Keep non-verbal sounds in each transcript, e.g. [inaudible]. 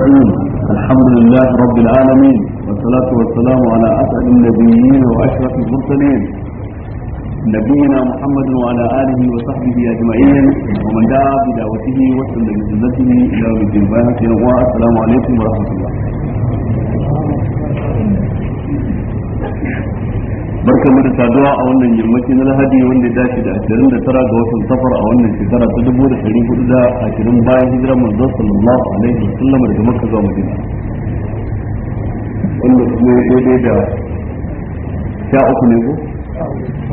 طيب الحمد لله رب العالمين والصلاة والسلام على أسعد النبيين وأشرف المرسلين نبينا محمد وعلى آله وصحبه أجمعين ومن دعا بدعوته وسلم بسنته إلى يوم الدين السلام عليكم ورحمة الله barka mu da saduwa a wannan yammaci na lahadi wanda da shi da ashirin da tara ga watan safar a wannan shekara ta dubu da ɗari hudu da ashirin bayan hijirar manzo sallallahu alaihi wa sallam daga makka zuwa madina wanda kuma ya daidai da sha uku ne ko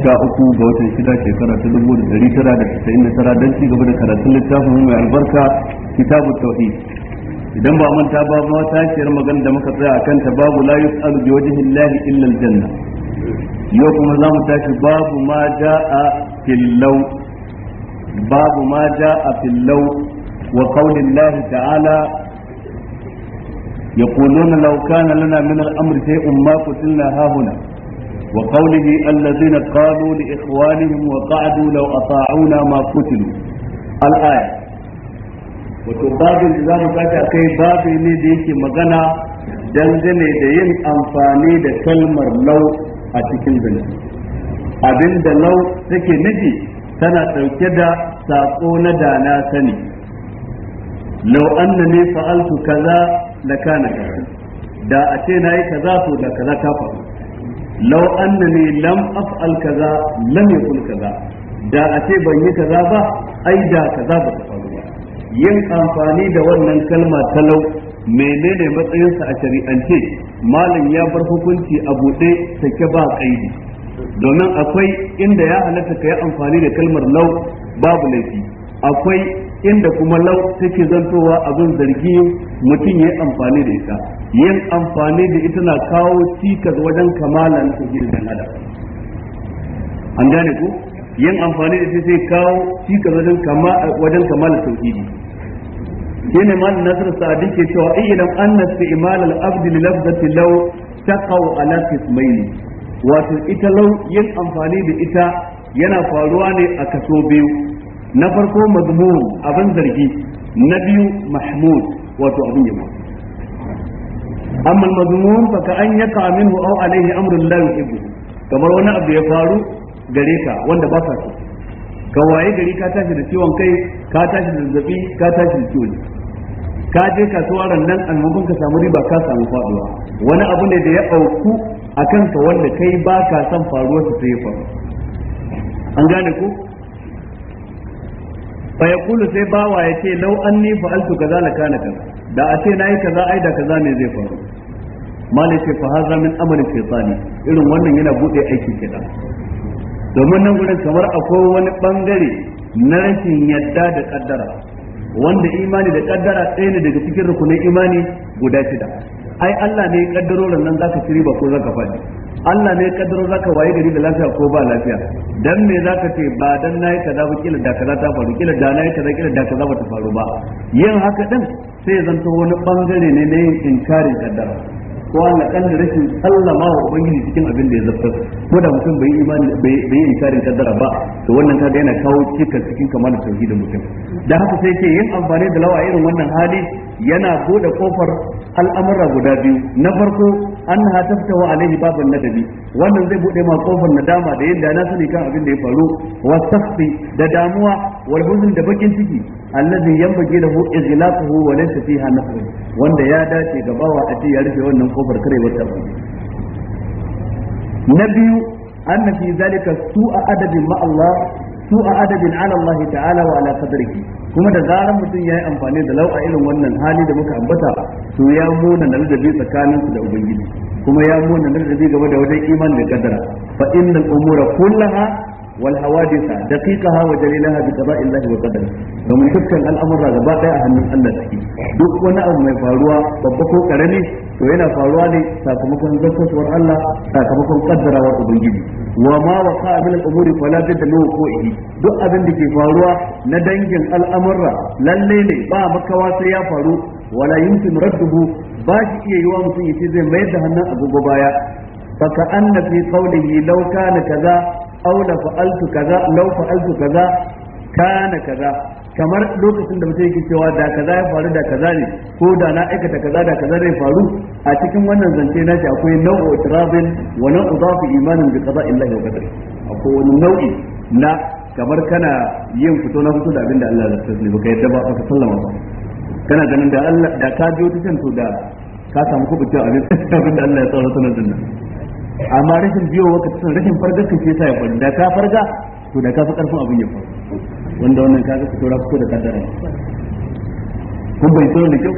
sha uku ga watan shida shekara ta dubu da ɗari tara da tasa'in da tara don ci gaba da karatun littafin mai albarka kitabu tauhid idan ba manta ba ma tashiyar magana da muka tsaya akan ta babu la yus'alu bi wajhi llahi illa aljanna yau kuma za mu tashi babu ma ja a filau, babu ma ja a filau, wa kaunin lahi ta'ala ya kolo na laukana lana min al'amur sai umma ku tilna hahuna wa kaunihi allazina qalu li ikhwanihim wa lau a ata'una ma kutilu al'aya wato babin da za mu tashi a kai babu ne da yake magana dangane da yin amfani da kalmar lau a cikin abin abinda lau take nufi tana ɗauke da saƙo na da na sani lau ne fa'altu kaza da kana kaza da a ce yi kaza to da kaza ta faru lau ne lam af'al kaza lam yakun kaza da a ce ban yi kaza ba ai da kaza ba ta faru ba yin amfani da wannan kalma lau. menene matsayinsa a shari'ance malam ya bar hukunci a buɗe sake ba kaidi domin akwai inda ya halatta ka yi amfani da kalmar lau babu laifi akwai inda kuma lau take zantowa abin zargi mutum ya yi amfani da ita yin amfani da ita na kawo cikas wajen kamala na gina dan adam an gane ku yin amfani da ita sai kawo cikas wajen kamala gina shine mal nasr sa'di ke cewa ilam anna istimal al abd li lafzati law taqaw ala qismayn wato ita law yin amfani da ita yana faruwa ne a kaso biyu na farko mazmur abin zargi na biyu mahmud wato abin yamma amma mazmur fa ka an yaka minhu aw alayhi amrun la yuhibbu kamar wani abu ya faru gare ka wanda ba ka so ka waye gari ka tashi da ciwon kai ka tashi da zazzabi ka tashi da ciwon ka je kasuwa rannan almakon ka samu riba ka samu faduwa wani abu ne da ya auku a ka wanda kai ba ka san faruwa su sai faru an gane ku fa yaqulu sai bawa yace law anni fa'altu kaza la kana kaza da a ce nayi kaza ai da kaza ne zai faru malai ce fa haza min amali shaytani irin wannan yana bude aikin kida domin nan gurin kamar akwai wani bangare na rashin yadda da kaddara wanda imani da kaddara ɗaya ne daga cikin rukunin imani guda shida ai Allah ne ya kaddaro nan zaka ci ba ko zaka faɗi Allah ne ya kaddaro zaka waye gari da lafiya ko ba lafiya dan me zaka ce ba dan nayi kaza ba kila da kaza ta faru kila da nayi kaza kila da kaza ba ta faru ba yin haka din sai zanto wani bangare ne na yin inkarin kaddara ko Allah kan rashin sallama wa ubangiji cikin abin da ya zafa ko da mutum bai imani bai yi inkarin kaddara ba to wannan kaga yana kawo cika cikin kamar tauhidin mutum dan haka sai ke yin amfani da lawa irin wannan hali yana bude kofar al'amura guda biyu na farko annaha taftahu alaihi babun nadabi wannan zai bude ma kofar nadama da yadda na sani kan abin da ya faru wa safi da damuwa wal huzn da bakin ciki allazi yanbaghi lahu izlaquhu wa laysa fiha nafsu wanda ya dace ga bawa a ce ya rufe wannan kofar kare wata na biyu anna fi zalika su'a adabi ma Allah su'a adabin ala Allah ta'ala wa ala qadrihi kuma da zaran mutum yayi amfani da lau'a irin wannan hali da muka ambata to ya muna nan da bi tsakanin su da ubangiji kuma ya mona nan da bi game da wajen imani da kadara fa innal umura kullaha wal hawadisa daqiqaha wa jalilaha bi qada'illahi wa qadari domin dukkan al'amura gaba daya a hannun Allah take duk wani abu mai faruwa babba ko karami to yana faruwa ne sakamakon zartaswar Allah sakamakon kaddarawar ubangiji wa ma waqa min al-umuri fala jadda lahu qawli duk abin da ke faruwa na dangin al'amura lalle ne ba makawa sai ya faru wala yumkin radduhu ba shi iya yiwa mutum yace zai mayar da hannun agogo baya faka anna fi qawlihi law kana kaza aw la fa'altu kaza law fa'altu kaza kana kaza kamar lokacin da mutum yake cewa da kaza ya faru da kaza ne ko da na aikata kaza da kaza zai faru a cikin wannan zance na shi akwai nau'u itirabin wa nau'u dhafi imanin bi qada'i Allah wa qadari akwai wani nau'i na kamar kana yin fito na fito da abin da Allah ya tsare baka yadda ba ka sallama ba kana ganin da Allah da ka biyo ta to da ka samu kubuta abin [laughs] da Allah ya tsare sanar dinnan amma rashin biyo wa kasan rashin fargar ka sai ya faru da ka farga to da ka fi karfin abin ya faru wanda wannan kaga fito ra fito da kaddara kun bai tsoro da kyau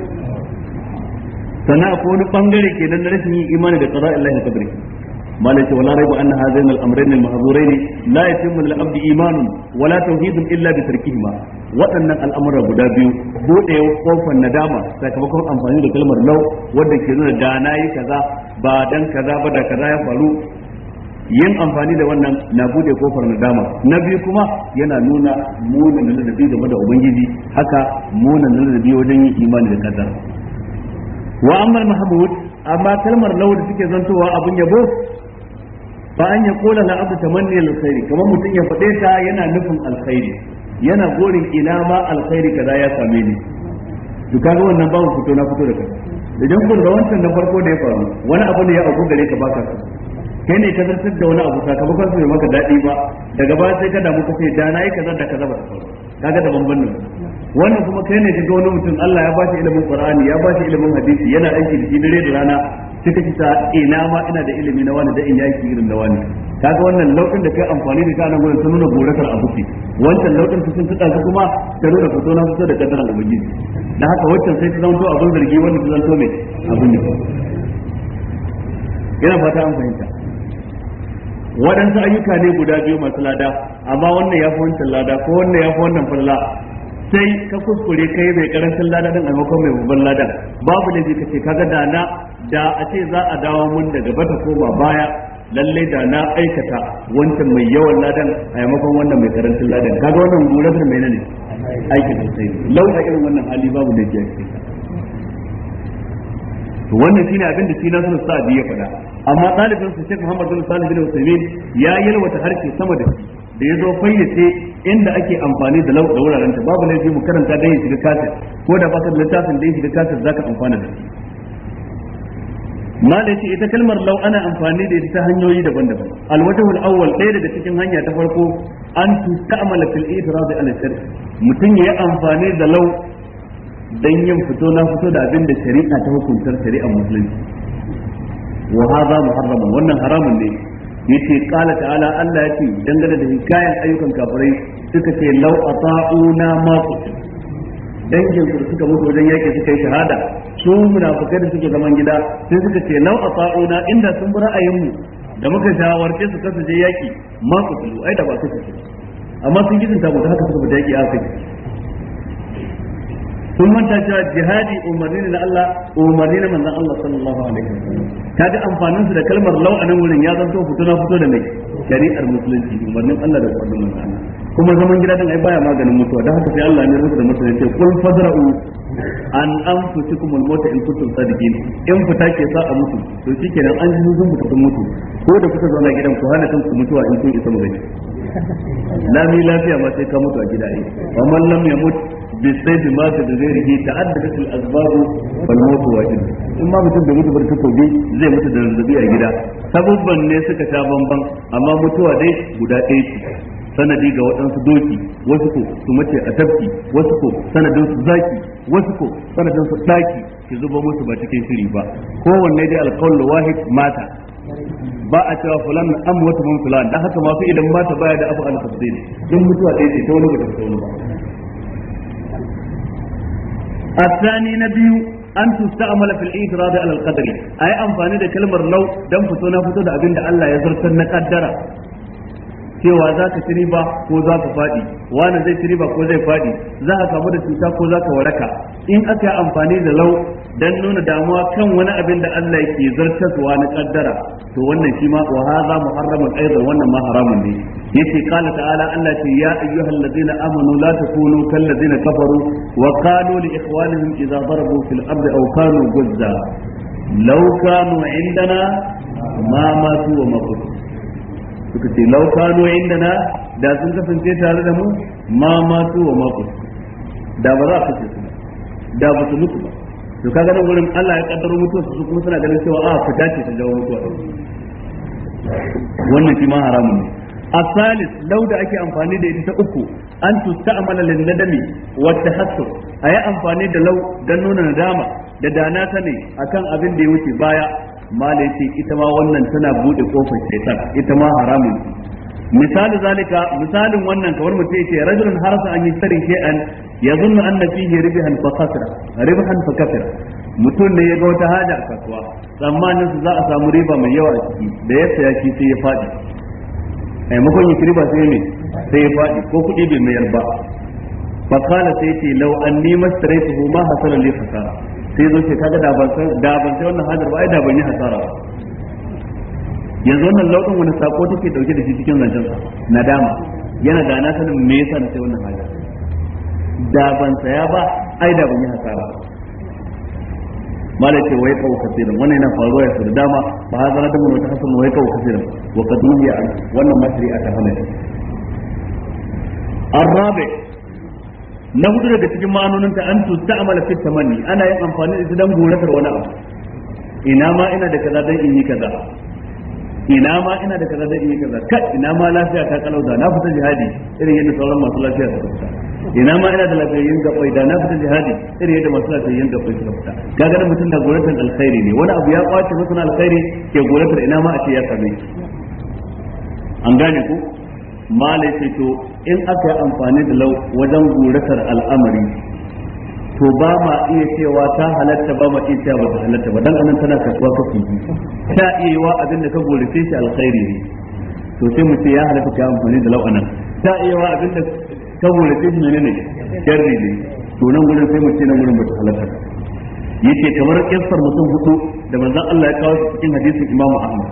sannan akwai wani bangare kenan na rashin yin imani da qada'illahi qadari مالك ولا ريب أن هذين الأمرين المحظورين لا يتم للعبد إيمان ولا توحيد إلا بتركهما Waɗannan الأمر guda biyu buɗe kofar nadama sakamakon amfani da kalmar lau wadda ke nuna da na yi kaza ba dan kaza ba da kaza ya faru yin amfani da wannan na buɗe kofar nadama na biyu kuma yana nuna da ladabi game da ubangiji haka da ladabi wajen yin imani da kaza wa amma mahmud amma kalmar lau da suke zantowa abin yabo fa an yaqula la ta tamanni alkhairi kamar mutum ya faɗe ta yana nufin alkhairi yana gorin ina ma alkhairi kaza ya same ni to kaga wannan babu fito na fito da kai idan kun ga wancan na farko da ya faru wani abu ne ya auku gare ka baka so kai ne ka zartar da wani abu sakamakon su bai maka daɗi ba daga baya sai ka damu ka sai da yi kaza da kaza ba kaga da bamban wannan kuma kai ne ka ga wani mutum Allah ya ba shi ilimin Qur'ani ya ba shi ilimin hadisi yana aiki da shi da rana sai kake ta ina eh, ma ina da ilimi na wani da in yaki irin da wani kaga wannan lokacin da kai amfani da ta nan gurin sun nuna burakar abu ce wancan lokacin su sun tsaka kuma ta nuna fito na fito da kadaran ubangiji dan haka wancan sai ta zanto abin zargi wannan ta zanto mai abin ne yana fata an fahimta waɗansu ayyuka ne guda biyu masu lada amma wannan ya fi wancan lada ko wannan ya fi wannan falla sai ka kuskure kai mai karancin lada don a maimakon mai babban lada babu ne ka ce kaga da na da a ce za a dawo mun da gaba ta koma baya lalle da na aikata wancan mai yawan ladan a yamakon wannan mai karancin ladan kaga wannan gurar mai ne aikin sosai lau a irin wannan hali babu da ke to wannan shine abin da shi na sunan sa'adi ya faɗa amma ɗalibin su Sheikh Muhammad bin Salih bin Usaimin ya yalwata harshe sama da shi da ya zo fayyace inda ake amfani da lau da wuraren ta babu laifi mu karanta dai shi shiga kasir ko da ba baka da littafin da ya shiga kasir zaka amfana da shi malaci ita kalmar lau ana amfani da ita ta hanyoyi daban-daban alwajhul awwal ɗaya daga cikin hanya ta farko an tu'amala fil i'tirad ala shari' mutum ya amfani da lau dan yin fito na fito da abin da shari'a ta hukuntar shari'ar musulunci wa hadha wannan haramun ne yace qala ta'ala Allah yace dangane da hikayen ayyukan kafirai suka ce lau ata'una ma dangin su suka mutu wajen yake suka yi shahada su munafukai da suke zaman gida sai suka ce nau a fa'una inda sun bi ra'ayinmu da muka shawarce su kasu je yaki ma su tulu ai da ba su tulu amma sun gidin ta mutu haka suka fita yaki aka yi sun manta cewa jihadi umarni na Allah umarni na manzon Allah sallallahu alaihi wasallam ta amfanin su da kalmar lau anan wurin ya zanto fito na fito da mai shari'ar musulunci umarnin Allah da kwallon manzon kuma zaman gida din ai baya maganin mutuwa dan haka sai Allah ne rubuta ce kul fazra'u an an fuci kuma mota in kuntum sadiqin in fita ke sa a mutu to shikenan an ji sun mutu sun mutu ko da kuka zauna gidan ku hana kanku mutuwa in kun isa magani lami lafiya ma sai ka mutu a gida eh. ai amma lam yamut bi sayfi ma ta ghairihi al asbab wal mutu wajib in ma mutum da mutu bar ta kobe zai mutu da zazzabi a gida sabubban ne suka ta bamban amma mutuwa dai guda ɗaya ce sanadi ga waɗansu doki wasu ko su mace a tafki wasu ko sanadin su zaki wasu ko sanadin su daki ki zuba musu ba cikin shiri ba kowanne dai alqaul wahid mata ba a cewa fulan amma wata mun fulan dan haka masu idan mata baya da abu al tafdil dan mutuwa dai ce ta wani ba ta wani ba الثاني نبي an tusta'mala fil i'tirad ala al qadari ay amfani da kalmar law dan fito na fito da abin da Allah ya zartar na kaddara cewa za ka ci ba ko za ka faɗi wani zai ci ba ko zai faɗi za ka kamu da cuta ko za ka waraka in aka yi amfani da lau dan nuna damuwa kan wani abin da Allah yake zartaswa na kaddara to wannan shi ma wa hadha muharramun aidan wannan ma haramun ne yace qala ta'ala Allah ce ya ayyuhal ladzina amanu la takunu kal ladzina kafaru wa qalu li ikhwanihim idza darabu fil ardi aw kanu guzza law kanu indana ma matu wa ma suka ce lau kano inda na da sun kasance tare da mu ma matu wa ma da ba za a kashe su da ba su mutu ba to kaga nan wurin Allah ya kaddaro mutuwa su kuma suna ganin cewa a ku dace su jawo mutuwa wannan shi ma haramun ne الثالث لو da ake amfani da ita ta uku an amala lin nadami wa tahassur ayi amfani da lau dan nuna nadama da dana ta ne akan abin da ya wuce baya malai ce ita ma wannan tana bude kofar shaitan ita ma haramun misali zalika misalin wannan kamar mutum ce rajulun harasa an yastari shay'an an anna fihi ribhan fa khasra ribhan fa kafira mutum ne ya ga wata hajar a kasuwa tsammanin su za a samu riba mai yawa a ciki da ya saya shi sai ya fadi ai makon yi riba sai me sai ya fadi ko kuɗi bai mayar ba fa kana sai ce law anni mastaraytuhu ma hasala li fasara. sai zo ce kaga da ban san da ban sai wannan hajar ba ai da ban yi hasara ba yanzu wannan lauɗin wani sako take dauke da shi cikin zancen sa nadama yana da na sanin me yasa na sai wannan hajar da ban saya ba ai da ban yi hasara mala ce wai kawo kasirin wannan yana faruwa ya da dama ba ha zara da mu ta hasan wai kawo kasirin wa kadubiya wannan mashri'a ta hana الرابع na hudu daga cikin ma'anonin ta an tusta'mala fi tamanni ana yin amfani da ita dan goratar wani abu ina ma ina da kaza dan in yi kaza ina ma ina da kaza dan in yi kaza Ka ina ma lafiya ta kalauda na fita jihadi irin yadda sauran masu lafiya suka fita ina ma ina da yin gaba da na fita jihadi irin yadda masu yin gaba suka fita kaga nan mutum na goratar alkhairi ne wani abu ya kwace masa alkhairi ke goratar ina ma a ce ya same shi an gane ku malai to in aka yi amfani da lau wajen guratar al'amari to ba ma iya cewa ta halatta ba ma iya cewa ba ta halatta ba dan anan tana kasuwa ka ji ta iya yiwa abin da ka gurace shi alkhairi ne to sai mu ce ya halatta ka amfani da lau anan ta iya yiwa abin da ka gurace shi ne ne sharri ne to nan gurin sai mu ce nan gurin ba ta halatta yace kamar kissar mutum hudu da manzon Allah ya kawo cikin hadisin Imam Ahmad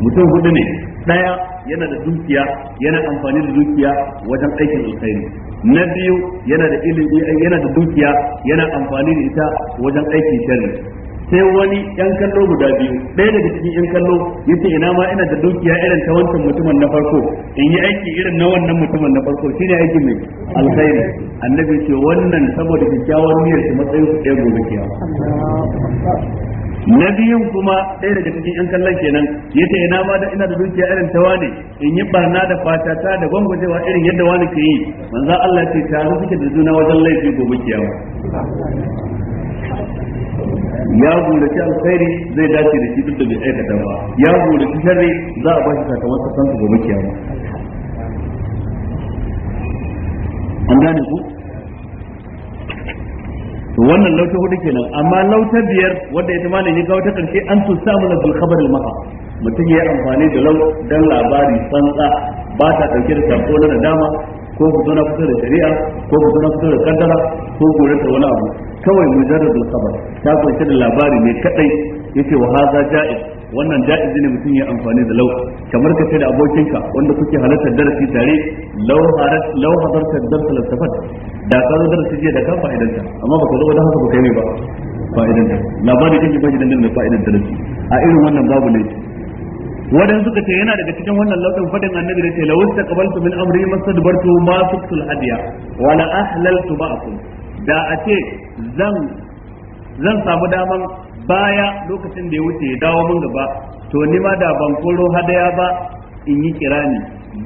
mutum hudu ne daya yana da dukiya yana amfani da dukiya wajen aikin alkhairi na biyu yana da ilimi yana da dukiya yana amfani da ita wajen aikin sharri sai wani yan kallo guda biyu ɗaya daga cikin yan kallo yace ina ma ina da dukiya irin ta wancan mutumin na farko in yi aiki irin na wannan mutumin na farko shine aiki mai alkhairi annabi ce wannan saboda kyakkyawar niyyar shi matsayin su ɗaya gobe kiyama na biyun kuma ɗaya daga cikin yan kallon kenan yace ina ma da ina da dukiya irin ta wani in yi barna da fata ta da gwangwajewa irin yadda wani ke yi manzo Allah ce ru suke da juna wajen laifi gobe kiyama ya ci alkhairi zai dace da shi duk da bai aikata ba ya ci sharri za a bashi shi sakamakon gobe kiyama an ku to wannan lauta hudu kenan amma lauta biyar wanda ya ma ne ya kawo ta karshe an su samu na bulkhabar maha mutum ya yi amfani da lau don labari tsantsa ba ta dauke da sako na dama ko zo na fito da shari'a ko zo na fito da kaddara ko ku da wani abu kawai mujarradul khabar ta kunshi da labari mai kadai yace wa hadha ja'iz wannan ja'izi ne mutum ya amfani da lau kamar ka ce da abokinka wanda kuke halartar darasi tare lau harat Da hadarta darsa da ka zo darasi je da ka fa'idanta amma ka zo da haka kai ne ba fa'idanta labari kake ba shi dangane da fa'idan darasi a irin wannan babu ne wadan suka ce yana daga cikin wannan lafin fadin annabi da ce wasta qabaltu min amri masadbartu ma tuktul hadiya wa la ahlaltu ba'akum da a ce zan zan samu daman baya lokacin da ya wuce ya dawo mun gaba to ni ma da ban koro hadaya ba in yi kirani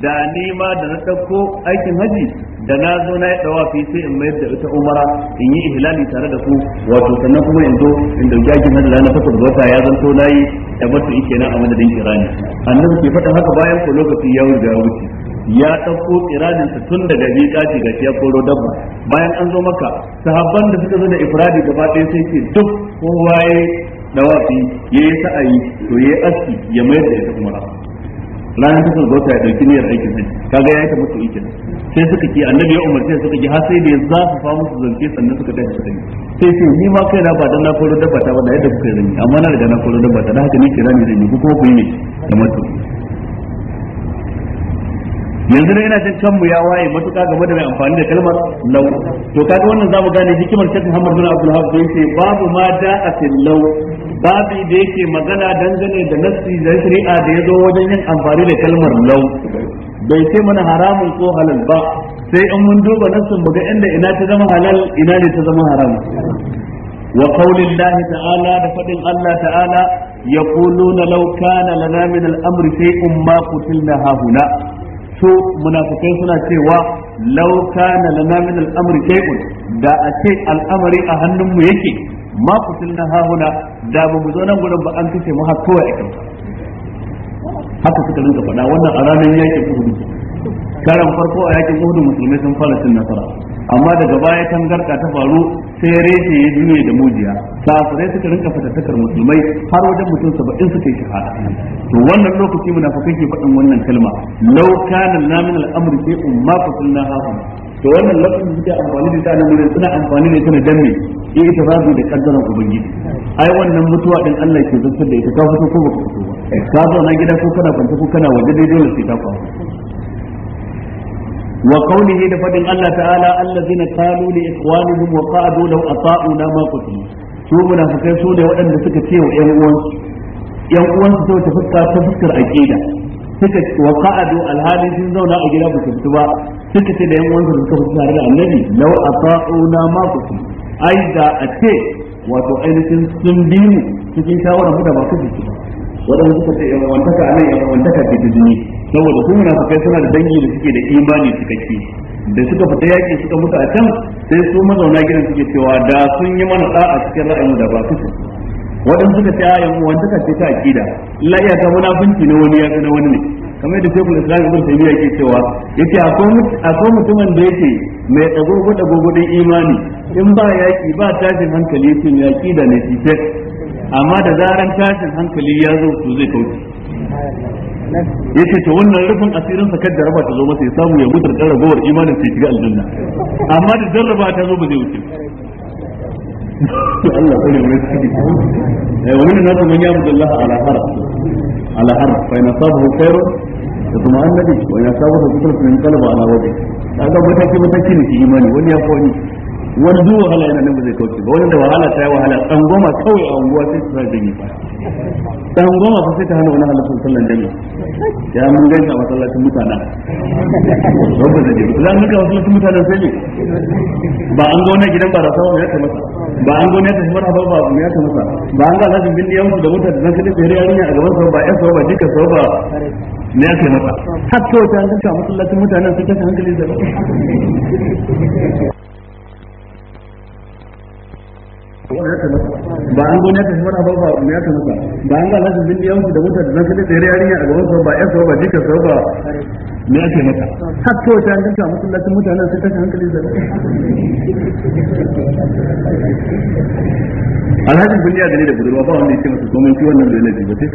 da ni ma da na ɗauko aikin haji da na zo na yi fi sai in mayar da ita umara in yi ihlali tare da ku wato sannan kuma in zo in da aikin haji na takwas da wata ya zanto na yi da mutu ike na a madadin kirani annabi ke faɗin haka bayan ko lokaci ya wuce ya wuce ya ɗauko kiranin sa tun daga miƙa ce ga ya koro dabba bayan an zo maka sahabban da suka zo da ifradi gaba ɗaya sai ke duk kowa ya dawafi ya yi sa'ayi to ya yi aski ya mayar da ita umara ranar ta ga ya dauki niyyar aikin hajji kaga ya tabbata ikin sai suka ki annabi ya umarci suka ji har sai da ya famu su zance sannan suka tafi suka ne sai ce ni ma kaina ba dan na koro dabba ta ba da yadda kuka yi amma na riga na koro dabba ta da haka ni ke ne zan yi ko kuma ku yi ne da yanzu ne yana jin mu ya waye matuƙa game da mai amfani da kalmar law to kaga wannan zamu gane hikimar Sheikh Muhammad bin Abdul Wahhab yace babu ma da'a fil law babu da yake magana dangane da nassi da shari'a da yazo wajen yin amfani da kalmar law bai ce mana haramun ko halal ba sai in mun duba nassin mu ga inda ina ta zama halal ina ne ta zama haram wa qaulillahi ta'ala da fadin Allah ta'ala yaquluna law kana lana min al-amri shay'un ma qutilna hahuna to munafikai suna cewa law kana lana min al-amr shay'un da a ce al'amari a hannun mu yake ma na hahuna da ba mu zo nan gurin ba an kace mu har kawai kanta haka suka rinka faɗa wannan a ranar yakin Uhud karan farko a yakin uhudu musulmai sun fara cin nasara amma daga baya tangarda ta faru sai reshe ya juye da mujiya kafirai suka rinka fatattakar musulmai har wajen mutum saba'in suka yi shahada to wannan lokaci munafikai ke faɗin wannan kalma law kana lamin al'amri umma ma fasalna hahum to wannan lafazin suke amfani da ta nan suna amfani ne suna danne in ita razu da kaddaran ubangiji ai wannan mutuwa din Allah ke zartar da ita ka fito ko baka fito ba ka zauna gida ko kana kwanta ko kana waje dai dole sai ta faru وقوله لفضل الله تعالى الذين قالوا لإخوانهم وقعدوا لو أطاعونا ما قتلوا su munafikai su ne waɗanda suka ce wa ƴan uwansu ƴan uwansu sau ta fuska ta fuskar suka wa qa'adu alhali zauna a gida ba su ba suka ce da ƴan uwansu suka fita tare da annabi law ata'una ma ai da a ce wato ainihin sun bi mu cikin shawarar mu da ba su ba waɗanda suka ce ƴan ne anan ƴan jini saboda su kai suna da dangi da suke da imani cikakke da suka fita yaƙi suka mutu a can sai su mazauna gidan suke cewa da sun yi mana da'a cikin ra'ayin da ba su waɗansu suka ce ayan uwan suka kace ta akida la iya ga munafinci na wani ya ga na wani ne kamar yadda shekul islam ibn taymiya ke cewa yace akwai mutumin da yake mai dagogo dagogo din imani in ba yaƙi ba tashin hankali yake mai akida ne shi amma da zaran tashin hankali ya zo to zai kauce yace to wannan rufin asirin sa kadda raba ta zo masa ya samu ya mutu da ragowar imanin sai shiga aljanna amma da jarraba ta zo ba zai wuce [laughs] Allah kare mu ciki eh wa minna nasu man ya'budu Allah ala harf ala harf fa in asabahu khairun kuma annabi wa in asabahu fitratun qalba ala wajhi kaga mataki mataki ne imani wani ya fa wani duk wahala yana nan ba zai kauce ba wanda wahala ta yi wahala goma kawai a unguwa sai su sai ba ɗan goma fa sai ta hana wani halittar sallan dami ya mun gani a masallacin mutana wanda zai ji za mu ga masallacin mutanen sai ne ba an ga wannan gidan barasa ba ya kamata masa ba an ga wannan ta shimar ba ba ya kamata masa ba an ga alhajin bin diyan da mutane zan kaje tsere yarinya a gaban sau ba ya ba jika sau ba ne ya kamata hatta wata yankin ta masallacin mutanen sai ta hankali da ba an gona ta shawara ba ba me ya kamata ba an ga lasu bin diyan da wuta da zaka da yarinya a gaban sa ba ya ba dika sa ba me ya ke mata har to ta an dinka masallacin mutanen sai ta hankali da alhaji bin diya da ne da budurwa ba wanda ya ce masa komai shi wannan da ne ba sai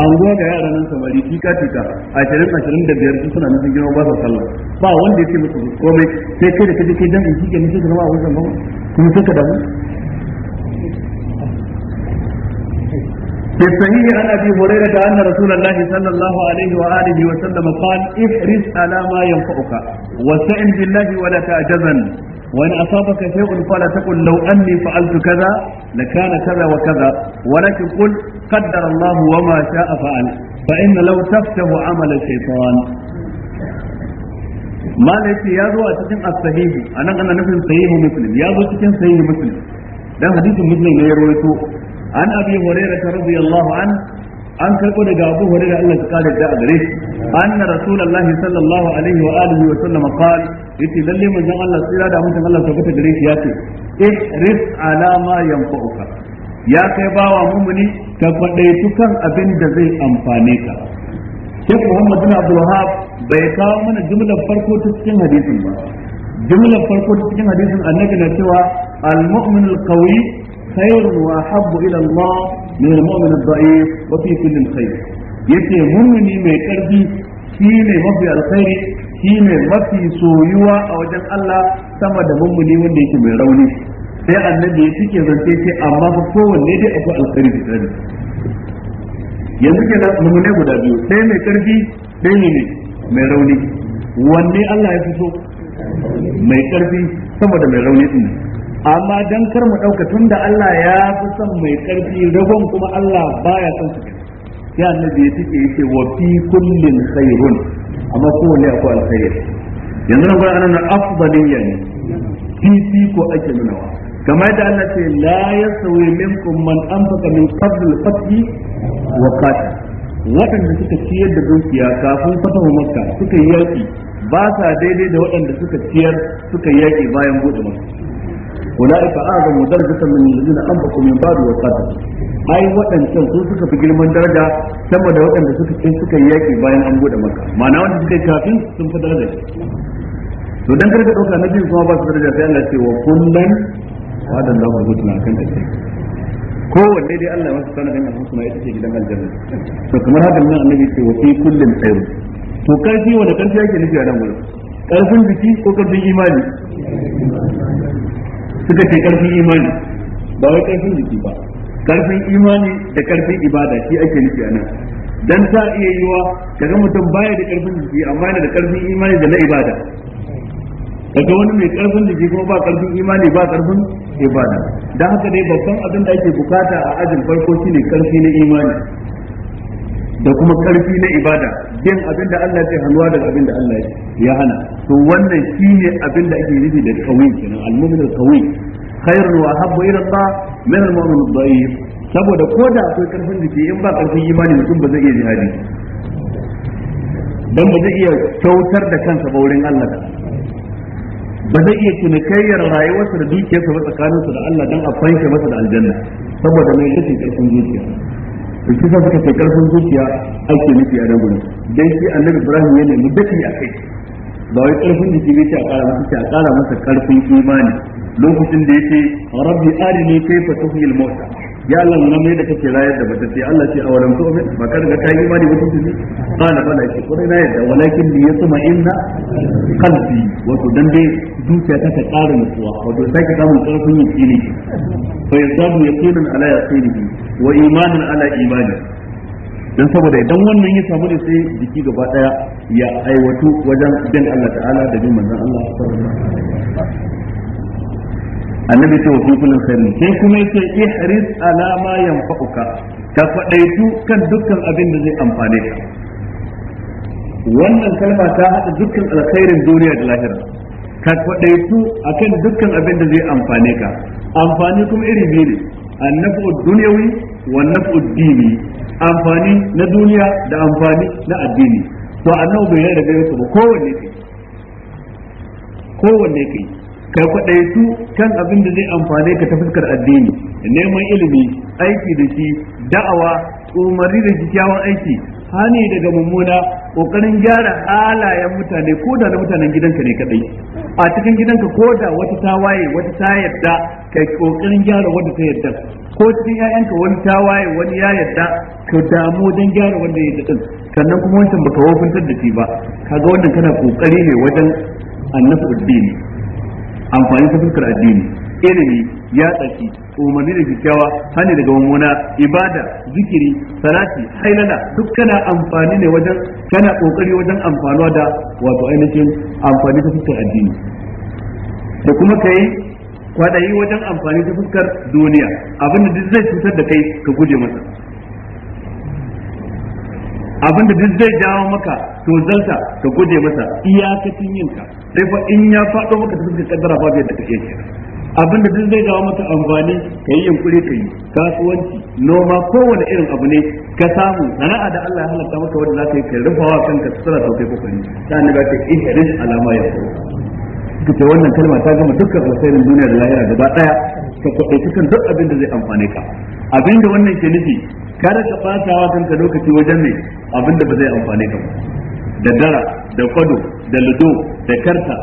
anguwa ga yara nan samari tika tika ashirin ashirin da biyar suna nufin gina ba su sallah ba wanda ya ce musu komai sai kai da kaje kai dan in shike ne ba ba kuma sai ka damu عن ابي هريره ان رسول الله صلى الله عليه واله وسلم قال على ما ينفعك واستعن بالله ولا تعجزن وإن أصابك شيء فلا تقل لو أني فعلت كذا لكان كذا وكذا ولكن قل قدر الله وما شاء فعل فإن لو تفتح عمل الشيطان ما ليس يازو أتكن الصحيح أنا أنا نفهم صحيح مسلم يازو أتكن صحيح مسلم ده حديث مسلم يرويته عن أبي هريرة رضي الله عنه an karbo daga Abu Hurairah Allah ya kare da gare shi anna Rasulullah sallallahu alaihi wa alihi wa sallam qala yace lalle manzon Allah tsira da mutum Allah ta gare shi yace irif ala ma yanfa'uka ya kai bawa mumuni ka fadaitu kan abin da zai amfane ka Sheikh Muhammad bin Abdul Wahab bai kawo mana jumlar farko ta cikin hadisin ba jumlar farko ta cikin hadisin annabi na cewa al-mu'min al-qawi khairun wa habbu ila Allah min al-mu'min ad-da'if wa fi kulli khair yace mu'mini mai karfi shine mafi alkhairi shine mafi soyuwa a wajen Allah sama da mummuni wanda yake mai rauni sai annabi ya cike zance ce amma fa kowanne dai akwai alkhairi da tsari yanzu kenan mummune guda biyu sai mai karfi sai ne mai rauni wanne Allah ya fi mai karfi sama da mai rauni din amma dan kar mu tun da Allah ya fi son mai karfi ragon kuma Allah baya son su sai annabi ya tike wa fi kullin khairun amma ne akwai alkhairi yanzu nan gurin anan afdalin yani fifi ko ake nunawa kamar yadda Allah ce la yasawi minkum man anfaqa min qabl al fathi wa qatl waɗanda suka ciyar da dukiya kafin fatahu makka suka yaki ba sa daidai da waɗanda suka ciyar suka yaki bayan bude makka ulaika a'zamu darajatan min alladhina anfaqu min ba'du wa qad ai waɗancan sun suka fi girman daraja sama da waɗanda suka kin suka yi yaki bayan an bude maka ma'ana wanda suka yi kafin sun fi daraja to dan karka dauka na biyu kuma ba su daraja sai Allah ce wa kullan wa dan da hutuna kan ko kowanne dai Allah masa sanadin al-husna ita ce gidan aljanna to kamar haka nan annabi ce wa fi kullin khair to karfi wanda karfi yake nufi a nan gurin karfin jiki ko karfin imani suka ce karfin imani ba wai karfin jiki ba karfin imani da karfin ibada shi ake nufi a nan dan ta iya yiwa kaga mutum baya da karfin jiki amma yana da karfin imani da na ibada daga wani mai karfin jiki kuma ba karfin imani ba karfin ibada dan haka dai babban abin da ake bukata a ajin farko shine karfi na imani da kuma karfi na ibada bin abin da Allah ya hannuwa daga abin da Allah ya hana to wannan shine abin da ake nufi da qawi kenan al-mu'min al-qawi khairun wa habbu ila Allah min al-mu'min al-dha'if saboda ko da akwai karfin jiki in ba karfin imani mutum ba zai iya jihadi dan ba zai iya kyautar da kansa ba wurin Allah da ba zai iya cinikayyar rayuwarsa da dukiyarsa ba tsakaninsa da Allah dan a fanke masa da aljanna saboda mai rashin karfin zuciya da shi suka ce karfin zuciya ake nufi a dangon dan shi annabi ibrahim ya nemi dafi a kai ba wai karfin jiki ne ce a kara masa ce a kara masa karfin imani lokacin da yake rabbi arini kayfa tuhyil mauta ya Allah nuna mai da kake rayar da batacce Allah ce a walam tu'min ba ka riga kai imani ba tuntuni kana bala shi kuma na yadda walakin li yatma inna qalbi wato dan dai zuciya ta ta ƙara nutsuwa wato sake samun ƙarfin yaki ne fa yazadu yaqinan ala yaqinihi wa imanan ala imani dan saboda idan wannan ya samu ne sai jiki gaba daya ya aiwatu wajen bin Allah ta'ala da bin manzon Allah annabi ce wa kullum khairin sai kuma yace ihris ala ma yanfa'uka ka fadaitu kan dukkan abin da zai amfane ka wannan kalma ta haɗa dukkan alkhairin duniya da lahira ka a kan dukkan abin da zai amfane ka amfani kuma iri biyu ne annafu dunyawi wa nafu dini amfani na duniya da amfani na addini to annabi bai rarrabe yake ba kowanne kai kowanne kai ka kwadaitu kan abin da zai amfane ka ta fuskar addini neman ilimi aiki da shi da'awa umarni da kyakkyawan aiki hani daga mummuna kokarin gyara halayen mutane ko da na mutanen gidanka ne kadai a cikin gidanka ko da wata ta waye wata ta yadda ka kokarin gyara wanda ta yadda ko cikin ƴaƴanka wani ta waye wani ya yadda ka damu don gyara wanda ya yadda sannan kuma wancan baka wofintar da shi ba kaga wannan kana kokari ne wajen annabu addini amfani ta fuskar addini ilimi ya tsaki umarni da kyakkyawa hannu daga mummuna ibada zikiri salati hailala duk kana amfani ne wajen kana kokari wajen amfanuwa da wato ainihin amfani ta fuskar addini da kuma kai kwadayi wajen amfani ta fuskar duniya abinda duk zai cutar da kai ka guje masa abinda duk zai jawo maka to zalta ka guje masa iyakacin yinka sai fa in ya faɗo maka da fuskar kaddara ba zai da kake kenan abinda duk zai gawa mata amfani ka yi yankuri ka yi kasuwanci noma kowane irin abu ne ka samu sana'a da Allah ya halatta maka wanda za ka yi ka rufawa kanka sutura sau kai kokari ta ba ta ihris alama ya ko ce wannan kalma ta gama dukkan alkhairin duniya da lahira gaba daya ka kwaɗe cikin duk abin da zai amfane ka abin da wannan ke nufi kada ka wa kanka lokaci wajen ne abin da ba zai amfane ka ba da dara da kwado da ludo da karta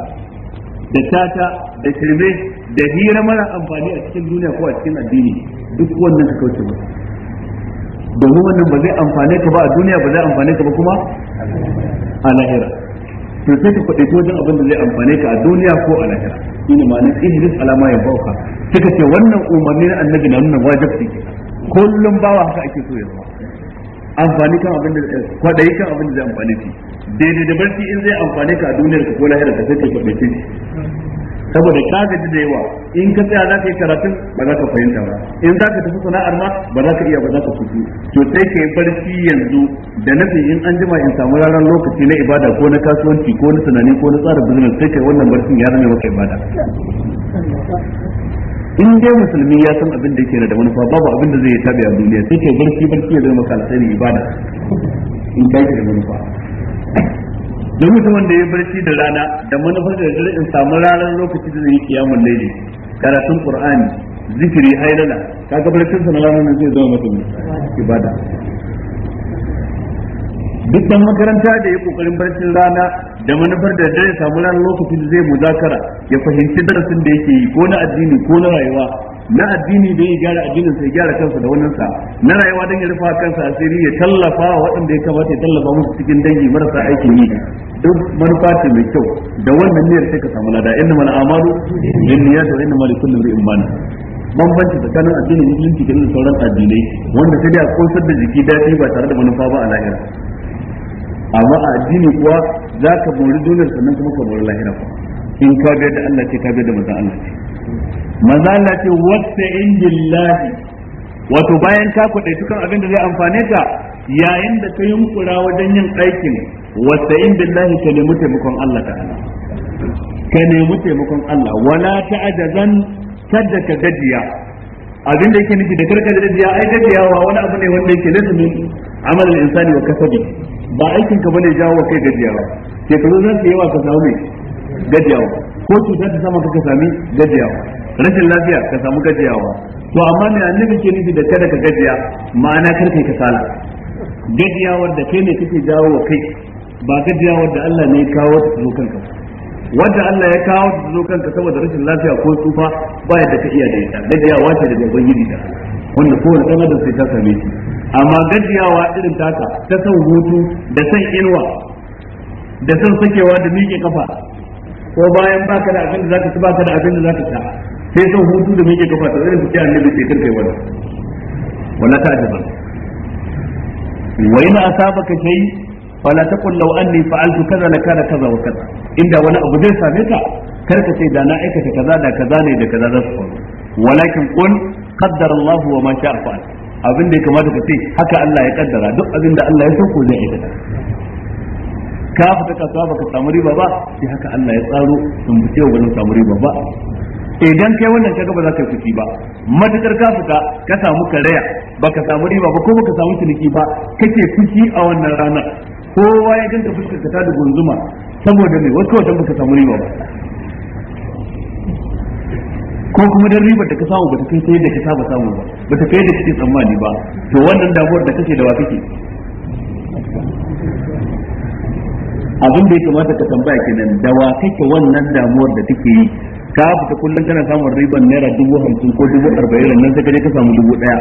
da tata da kirme da hira mara amfani a cikin duniya ko a cikin addini duk wannan ka kauce masa domin wannan ba zai amfane ka ba a duniya ba zai amfane ka ba kuma a lahira to sai ka kwaɗe wajen abin da zai amfane ka a duniya ko a lahira shine ma'anar ihlis alama ya bauka suka ce wannan umarni na annabi na nuna wajibi kullum bawa haka ake so ya zama amfani kan abin da eh, kwaɗayi kan abin da zai amfane shi daidai da barci in zai amfane ka a duniyar ka ko lahira ka sai ka kwaɗayi saboda ka gaji da yawa in ka tsaya za ka yi karatun ba za ka fahimta ba in za ka tafi sana'ar ma ba za ka iya ba za ka fito. to sai ka yi barci yanzu da nufin in an jima in samu ranar lokaci na ibada ko na kasuwanci ko na tunani ko na tsara business sai kai wannan barcin ya zama maka ibada in dai musulmi ya san abin da yake da manufa babu abin da zai yi tabi a duniya sai kai barci barci ya zama maka alheri ibada in kai da manufa da mutumin da ya barci da rana da manufar da dare in samu ranar lokaci da zai yi kiyamun laili karatun qur'ani zikiri haidala kaga barcin sa na ranar nan zai zama mutum ibada duk dan makaranta da ya kokarin barcin rana da manufar da dare samu ranar lokacin da zai muzakara ya fahimci darasin da yake yi ko na addini ko na rayuwa na addini da ya gyara addinin sai gyara kansa da wannan sa na rayuwa dan ya rufa kansa asiri ya tallafa wa waɗanda ya kamata ya tallafa musu cikin dangi marasa aikin yi duk manufa ce mai kyau da wannan niyyar sai ka samu lada inna mal amalu bin niyyat wa inna mal kullu imrin ma bambanci tsakanin addinin musulunci da sauran addinai wanda sai dai a kosar da jiki daɗi ba tare da manufa ba a lahira amma a addini kuwa za ka mori duniyar sannan kuma ka mori lahira ku in ka biyar da Allah ce ka biyar da maza Allah ce maza Allah ce wasta injillahi wato bayan ka kuɗe dukan abin da zai amfane ka yayin da ka yunkura wajen yin aikin wasta injillahi ka nemi taimakon Allah ta'ala ka nemi taimakon Allah wala ta'ajazan kada ka gajiya abin da yake nufi da karka da gajiya ai wa wani abu ne wanda yake nasu min amalin insani wa kasabi ba aikin ka bane jawo kai gajiyawa shekaru zan da yawa ka samu gajiya gajiyawa ko cuta ta sama ka sami gajiyawa rashin lafiya ka samu gajiyawa to amma ne annabi ke nufi da kada ka gajiya ma'ana kar kai sala gajiyawar da kai ne kake jawo wa kai ba gajiyawar da Allah ne ya kawo ta zo kanka wanda Allah ya kawo ta zo kanka saboda rashin lafiya ko tsufa ba yadda ka iya da ita gajiyawa ce da ubangiji da wanda kowane dan adam sai ta same shi amma gajiyawa irin taka ta san hutu da san inuwa da san sakewa da miƙe kafa ko bayan baka da abin da zaka ci baka da abin da zaka sha sai san hutu da miƙe kafa to irin fice annabi ke kirkai wannan wala ta ajaba wa in asabaka shay fala taqul law anni fa'altu kaza la kana kaza wa kaza inda wani abu zai same ka kar ka ce da na aikata kaza da kaza ne da kaza za su faru walakin qul qaddara Allah wa ma sha'a fa'al abin da ya kamata ka ce haka Allah ya kaddara duk abin da Allah ya san ko zai aikata ka fita kasuwa baka samu riba ba sai haka Allah ya tsaro sun buce wa bazan samu riba ba idan kai wannan kaga ba za ka fiti ba matakar ka fita ka samu karaya baka samu riba ba ko baka samu ciniki ba kake fiki a wannan ranar kowa ya ganta fuskar ka ta da gunzuma saboda me wasu wajen baka samu riba ba ko kuma dan ribar da ka samu ba ta kai sai da ka saba samu ba ba ta kai da kake tsammani ba to wannan damuwar da kake da wa kake abin da ya kamata ka tambaya kenan da wa kake wannan damuwar da take yi ka fita kullum kana samun ribar naira dubu hamsin ko dubu arba'in nan sai ka je ka samu dubu daya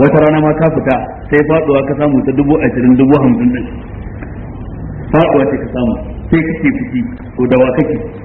wata rana ma ka fita sai faduwa ka samu ta dubu ashirin dubu hamsin din faduwa ce ka samu sai kake fiki ko da wa kake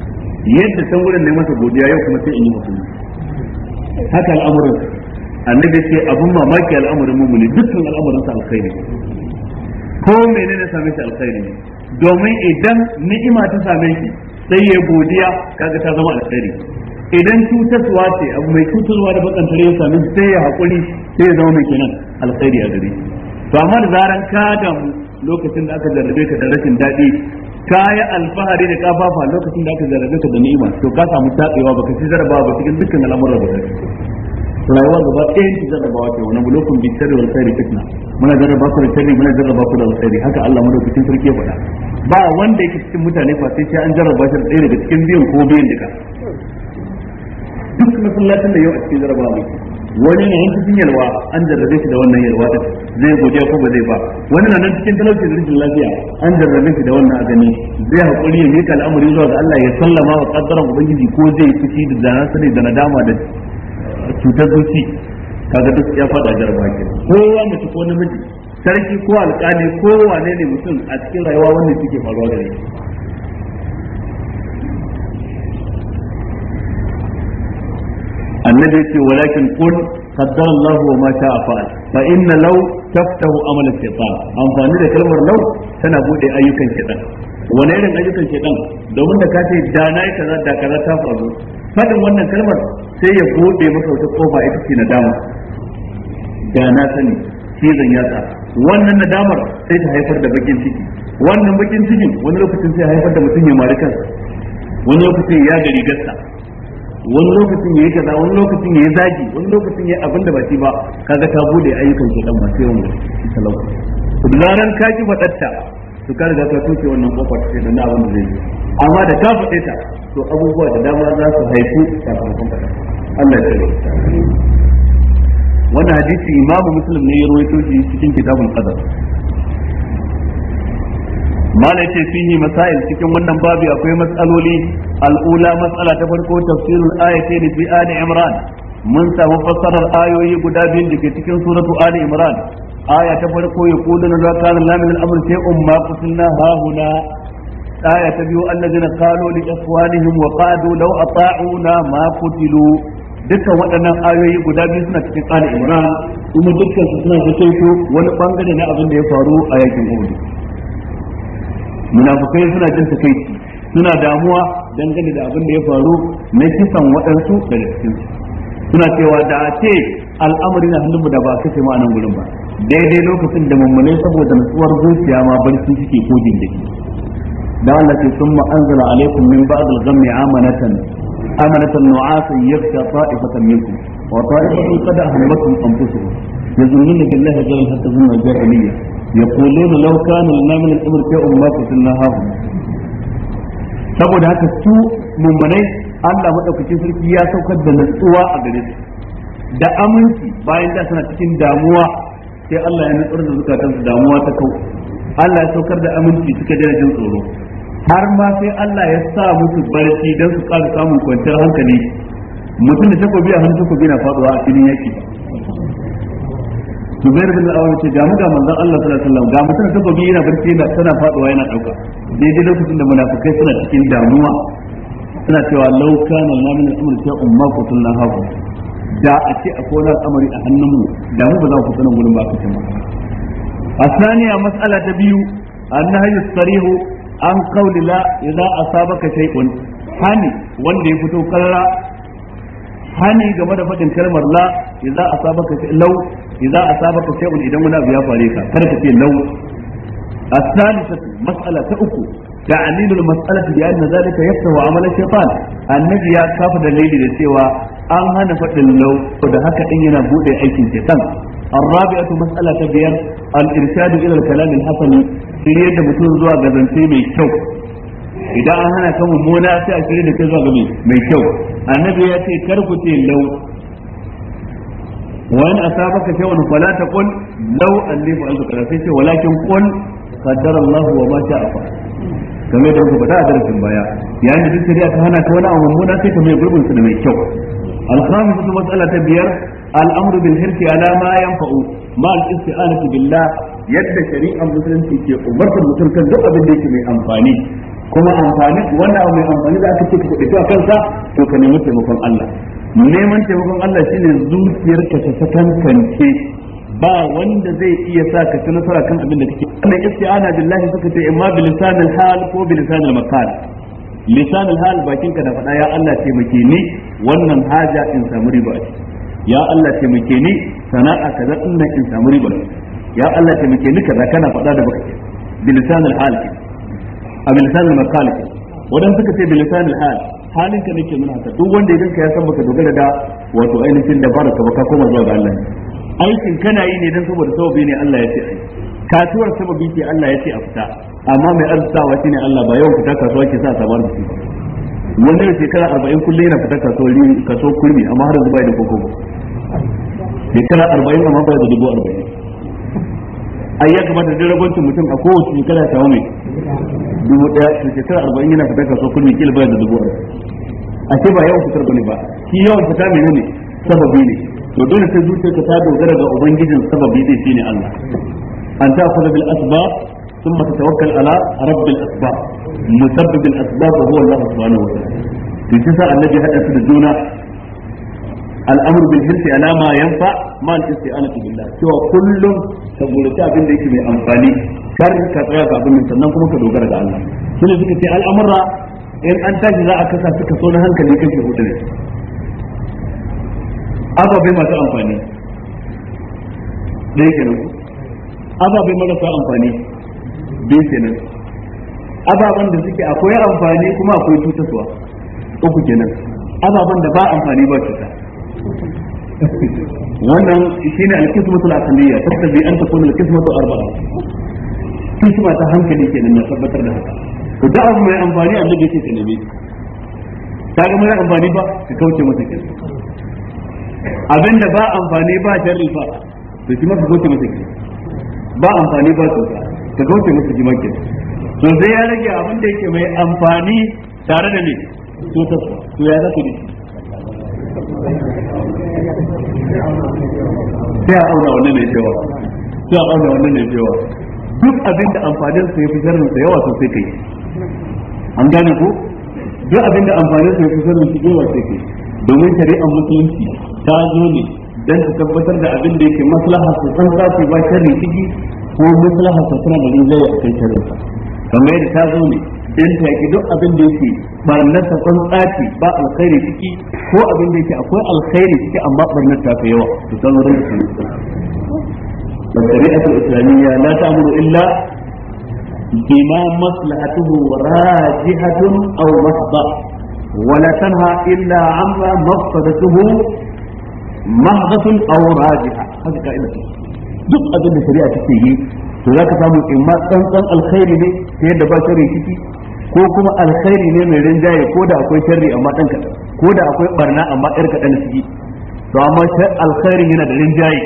yadda san wurin ne masa godiya yau kuma sai in yi mutum haka al'amuran annabi ce abun mamaki al'amuran mummuni dukkan al'amuran sa alkhairi ko menene same shi alkhairi domin idan ni'ima ta same shi sai ya godiya kaga ta zama alkhairi idan cutarwa ce abu mai cutarwa da tare ya same sai ya hakuri sai ya zama mai kenan alkhairi a gare to amma da zaran ka damu lokacin da aka jarrabe ka da rashin daɗi yi alfahari da kafafa lokacin da aka zarabe ka da ni'ima to ka samu tatsewa baka ci zarabawa ba cikin dukkan al'amuran da kake rayuwa gaba ɗayan ki zarabawa ke wani bulokun bi sharri wal khairi fitna muna zarraba ku da sharri muna zarraba ku da alkhairi haka Allah madaukakin sarki ya faɗa ba wanda yake cikin mutane fa sai an jarraba shi ɗaya daga cikin biyan ko biyan duka duk masallacin da yau a cikin jarabawa mai wani na wancan cikin yalwa an jarrabe shi da wannan yalwa din zai godiya ko ba zai ba wani na nan cikin talauci da rikin lafiya an jarrabe shi da wannan agani zai haƙuri ya mika al'amari zuwa ga Allah ya sallama wa kaddaran ubangiji ko zai fici da zaran sani da nadama da cutar zuci kaga duk ya faɗa jarraba ke kowa mace ko namiji sarki ko alƙali ko wane ne mutum a cikin rayuwa wannan suke faruwa da ni annabi yake walakin kun qaddara Allah wa ma sha'a fa'al fa inna law taftahu amal shaytan amfani da kalmar law tana bude ayyukan shaytan wani irin ayyukan shaytan domin da kace da na yi kaza da kaza ta faru fadin wannan kalmar sai ya bude maka wata kofa ita ce nadama da na sani cizon yasa wannan nadamar sai ta haifar da bakin ciki wannan bakin cikin wani lokacin sai haifar da mutum ya mari kansa wani lokacin ya gari rigarsa wani lokacin ya yi kaza wani lokacin ya yi zagi wani lokacin yi abin da ba shi ba kaga ta bude ayyukan ke dan masu yawan talauci to zaran ka ji fadatta to ka riga ka toke wannan kofar ta da na abin da zai amma da ka faɗe ta to abubuwa da dama za su haifu sakamakon fada Allah ya tsare wannan hadisi imamu muslim ne ya rawaito shi cikin kitabul qadar mala yace fihi masail cikin wannan babu akwai matsaloli al'ula matsala ta farko tafsirul ayatayn fi ali imran mun samu fassarar ayoyi guda biyu da cikin suratu ali imran aya ta farko yaquluna la kana na al-amr sai umma kusunna ha huna aya ta biyu allazina qalu li ikhwanihim wa qadu law ata'una ma kutilu dukkan waɗannan ayoyi guda biyu suna cikin ali imran kuma dukkan su suna fito wani bangare na abin da ya faru a yakin uhud munafukai suna jin takaici suna damuwa dangane da abin da ya faru na kisan waɗansu daga cikin suna cewa da a ce al'amari na hannunmu da ba kashe ma nan gurin ba daidai lokacin da mummune saboda nutsuwar zuciya ma barci suke ko ke. da Allah ke sun ma'anzala alaikum min ba al-ghammi amanatan amanatan nu'asan yaghsha ta'ifatan minkum wa ta'ifatan qad ahmatum يظنون بالله غير حتى ظن الجاهلية يقولون لو كان لنا من الأمر شيء ما قتلنا هاهم saboda haka su mummunai Allah madaukakin sarki ya saukar da nutsuwa a gare su da aminci bayan da suna cikin damuwa sai Allah ya nutsar da zukatansu damuwa ta kau Allah ya saukar da aminci suka daina jin tsoro har ma sai Allah ya sa musu barci don su ƙara samun kwanciyar hankali mutum da takobi a hannun takobi na faduwa a filin yaki Zubair bin Al-Awwam ce ga mu ga manzon Allah sallallahu alaihi wasallam ga mutum ta gobe yana barci yana tana faduwa yana dauka daidai lokacin da munafikai suna cikin damuwa suna cewa law kana lana min al-amri shay'un ma kunna hafu da a ce a wani al'amari a hannunmu da mu ba za ku sanin gurin ba ku cin a saniya mas'ala ta biyu annahu sarihu an qawli la idza asabaka shay'un hani wanda ya fito karra hani game da faɗin kalmar la idza asabaka law idza asabaka shay'un idan wani abu ya fare ka kar ka ce law الثالثة مسألة أكو تعليل المسألة بأن ذلك يفتح عمل الشيطان النبي يا كافر الليل لسوى أن هنا فتن لو ودهك إننا بود أيك الشيطان الرابعة مسألة بيان الإرشاد إلى الكلام الحسن في يد متون زوا غزنتي من شوك idan an hana ta mummuna sai a shirya da ta zuwa ga mai kyau annabi ya ce kar ku ce lau wa in asabaka shay'un fala taqul law alli fa alka sai ce walakin qul qaddara Allah wa ma sha'a fa kame da ku bada darasin baya yayin da duk shari'a ta hana ka wani a mummuna sai ka mai gurbin su da mai kyau الخامسة مسألة بير الأمر بالحرص على ما ينفع مع الاستعانة بالله yadda shari'ar musulunci ke umartar mutum kan duk abin da yake mai amfani kuma amfani wannan abu mai amfani da aka ce ka kuɗi a kansa to ka nemi taimakon Allah neman taimakon Allah shine zuciyar ka ta tantance ba wanda zai iya sa ka ci nasara kan abin da kake wannan isti'ana billahi suka ce imma bi lisanil hal ko bi lisanil maqal lisanil hal bakin ka da faɗa ya Allah taimake ni wannan haja in samu riba ya Allah taimake ni sana'a kaza in in samu riba ya Allah taimake ni kaza kana faɗa da baka bi lisanil hal a bilisanin makalik wadan suka ce bilisanin hal halin ka nake nuna haka duk wanda idan ka ya san baka dogara da wato ainihin da dabarar ka baka koma zuwa ga Allah aikin kana yi ne dan saboda sababi ne Allah ya ce ai kasuwar sababi ce Allah ya ce a fita amma mai arzikawa shine Allah ba yawan fita kasuwa ke sa sabar da shi wanda ya shekara arba'in kullum yana fita kaso kaso kurmi amma har yanzu bai da koko ba shekara arba'in amma bai da dubu arba'in ai ya kamata da rabancin mutum a kowace shekara ta wani dubu daya shekara arba'in yana fitar kaso kullum kila bayan da dubu arba'in a ce ba yawan fitar bane ba shi yawan fita ne sababi ne to dole sai ka ta dogara ga ubangijin sababi dai shine Allah an ta kula bil asbab ثم تتوكل على رب الاسباب مسبب الاسباب وهو الله سبحانه وتعالى في تسع الذي هدف الدنيا Al'amur bil hirsi alama yanfa ma al isti'anatu billah cewa kullum ka gurata abin da yake mai amfani kar ka tsaya ga abin sannan kuma ka dogara ga Allah shine suka ce al'amura in an tashi za a kasa suka so na hankali kake hudu ne ababai masu amfani ɗaya kenan ababai marasa amfani biyu kenan ababan da suke akwai amfani kuma akwai cutarwa uku kenan ababan da ba amfani ba cuta wannan shine al-qismatul aqliyya tattabi an takuna al-qismatu arba'a kisma ta hankali kenan na tabbatar da haka ku da abu mai amfani annabi ce ka nemi ta ga mai amfani ba ka kauce masa kin abinda ba amfani ba sharri fa to shi maka kauce masa kin ba amfani ba to ka kauce masa jima kin to zai ya rage abin da yake mai amfani tare da ne to ta to ya zaka dace sai a auna wannan ne cewa sai a auna wannan ne cewa duk abin da amfanin sa yafi sharrin sa yawa sosai kai an gane ko duk abin da amfanin sa yafi sharrin sa yawa sai kai domin shari'ar musulunci ta zo ne dan ta tabbatar da abin da yake maslaha su san su ba sharri ciki ko maslaha su tana da zai a kai sharrin sa kamar yadda ta zo ne dan ta yaki duk abin da yake barnar ta tsaki ba alkhairi ciki ko abin da yake akwai alkhairi ciki amma barnar ta fi yawa to san wurin da su الشريعة الإسلامية لا تعمل إلا بما مصلحته راجحة أو محضة ولا تنهى إلا عما مفسدته محضة أو راجحة هذه قاعدة duk abin da shari'a take yi to zaka samu imma ma tsantsan alkhairi ne ta yadda ba shari'a ciki ko kuma alkhairi ne mai rinjaye ko da akwai sharri amma dan kadan ko da akwai barna amma yar kadan ciki to amma alkhairi yana da rinjaye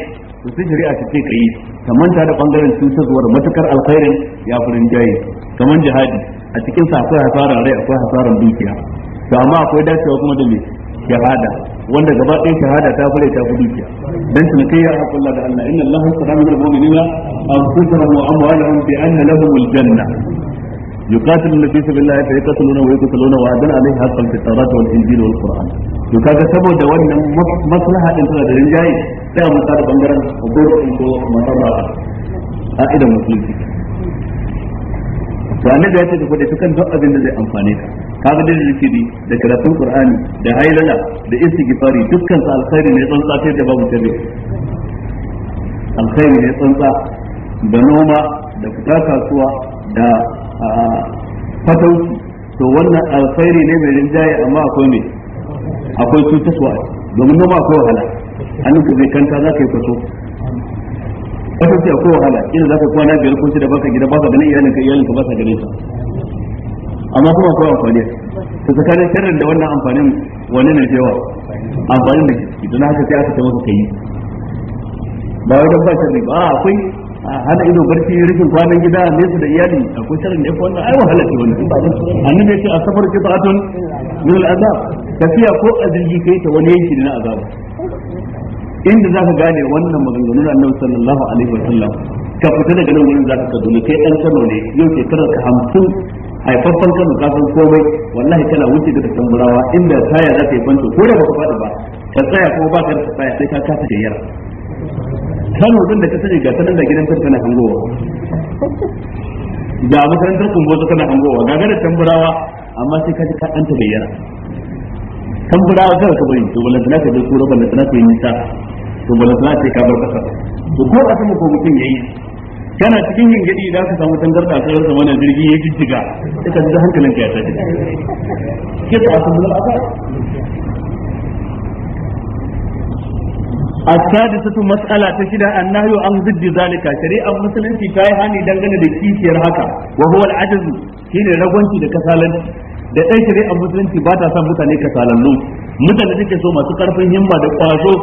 to sai shari'a ta ce kai ta manta da bangaren cutarwar matukar alkhairin ya fi rinjaye kamar jihadi a cikin sa akwai hasaran rai akwai hasaran dukiya to amma akwai dacewa kuma da me shahada wanda gaba ɗaya shahada ta fure ta fi dukiya dan tun kai ya hakulla da Allah inna Allah yasra min al-mu'minina anfusahum wa amwalahum bi anna lahum janna yuqatiluna fi sabilillahi fa yaqtuluna wa yuqtaluna wa adana alaihi haqqan fi tawrat wal injil wal qur'an to kaga saboda wannan maslaha din tana da rinjaye sai a mutar bangaren hukumar ko masaba a idan musulunci to annabi ya ce ka kwadaita kan duk abin da zai amfane ka kaga da zikiri da karatun qur'ani da hailala da istighfari dukkan su alkhairi ne tsantsa sai da babu tabe alkhairi ne tsantsa da noma da fita kasuwa da fatauci to wannan alkhairi ne mai rinjaye amma akwai ne akwai cutaswa a domin noma akwai wahala an ka zai kanta za ka yi kaso fatauci akwai wahala ina za ka kwana biyar ko da baka gida baka ganin ka iyalin ba sa ganin ka amma kuma akwai amfani ta tsakanin sharrin da wannan amfanin wani ne cewa yawa amfanin da ke don haka sai aka ce maka kai ba wai don ba sharri ba akwai hana ido barci rikin kwanan gida nesa da iyali akwai kusurin da ya wannan ai wahala ce wannan annabi ya ce a safar kitatun min al'azab tafiya ko a jirgi kai ta wani yanki na azab inda zaka gane wannan maganganu na annabi sallallahu alaihi wa sallam ka fita daga nan wurin zaka dole kai dan Kano ne yau ke shekarar ka hamsin, haifaffen kano kafin komai wallahi kana wuce daga tamburawa inda taya za ta yi kwanto, ko da baka faɗi ba ka tsaya ko ba ka tsaya sai ka kasa da yara kano din da ka sani ga sanar da gidan sarki tana hangowa ga makarantar kumbozo tana hangowa ga ganin tamburawa amma sai kaji ji ka ɗanta bayyana tamburawa kar ka bari to balanta na ka da kura balanta na ka yi nisa to balanta tana sai ka bar kasa to ko a sama ko mutum yayi kana cikin yin gadi za ka samu da sai rasa mana jirgi ya jijjiga sai ka ji hankalin ka ya tafi kisa a sun a السادسة مسألة تشدى النهي عن ضد ذلك شريعة مثلا في كايهاني دنغن دكيش يرهكا وهو العجز رغوان رغوانتي دكسالا da ɗan shari'ar musulunci ba ta san mutane kasalallu mutane suke so masu ƙarfin himma da ƙwazo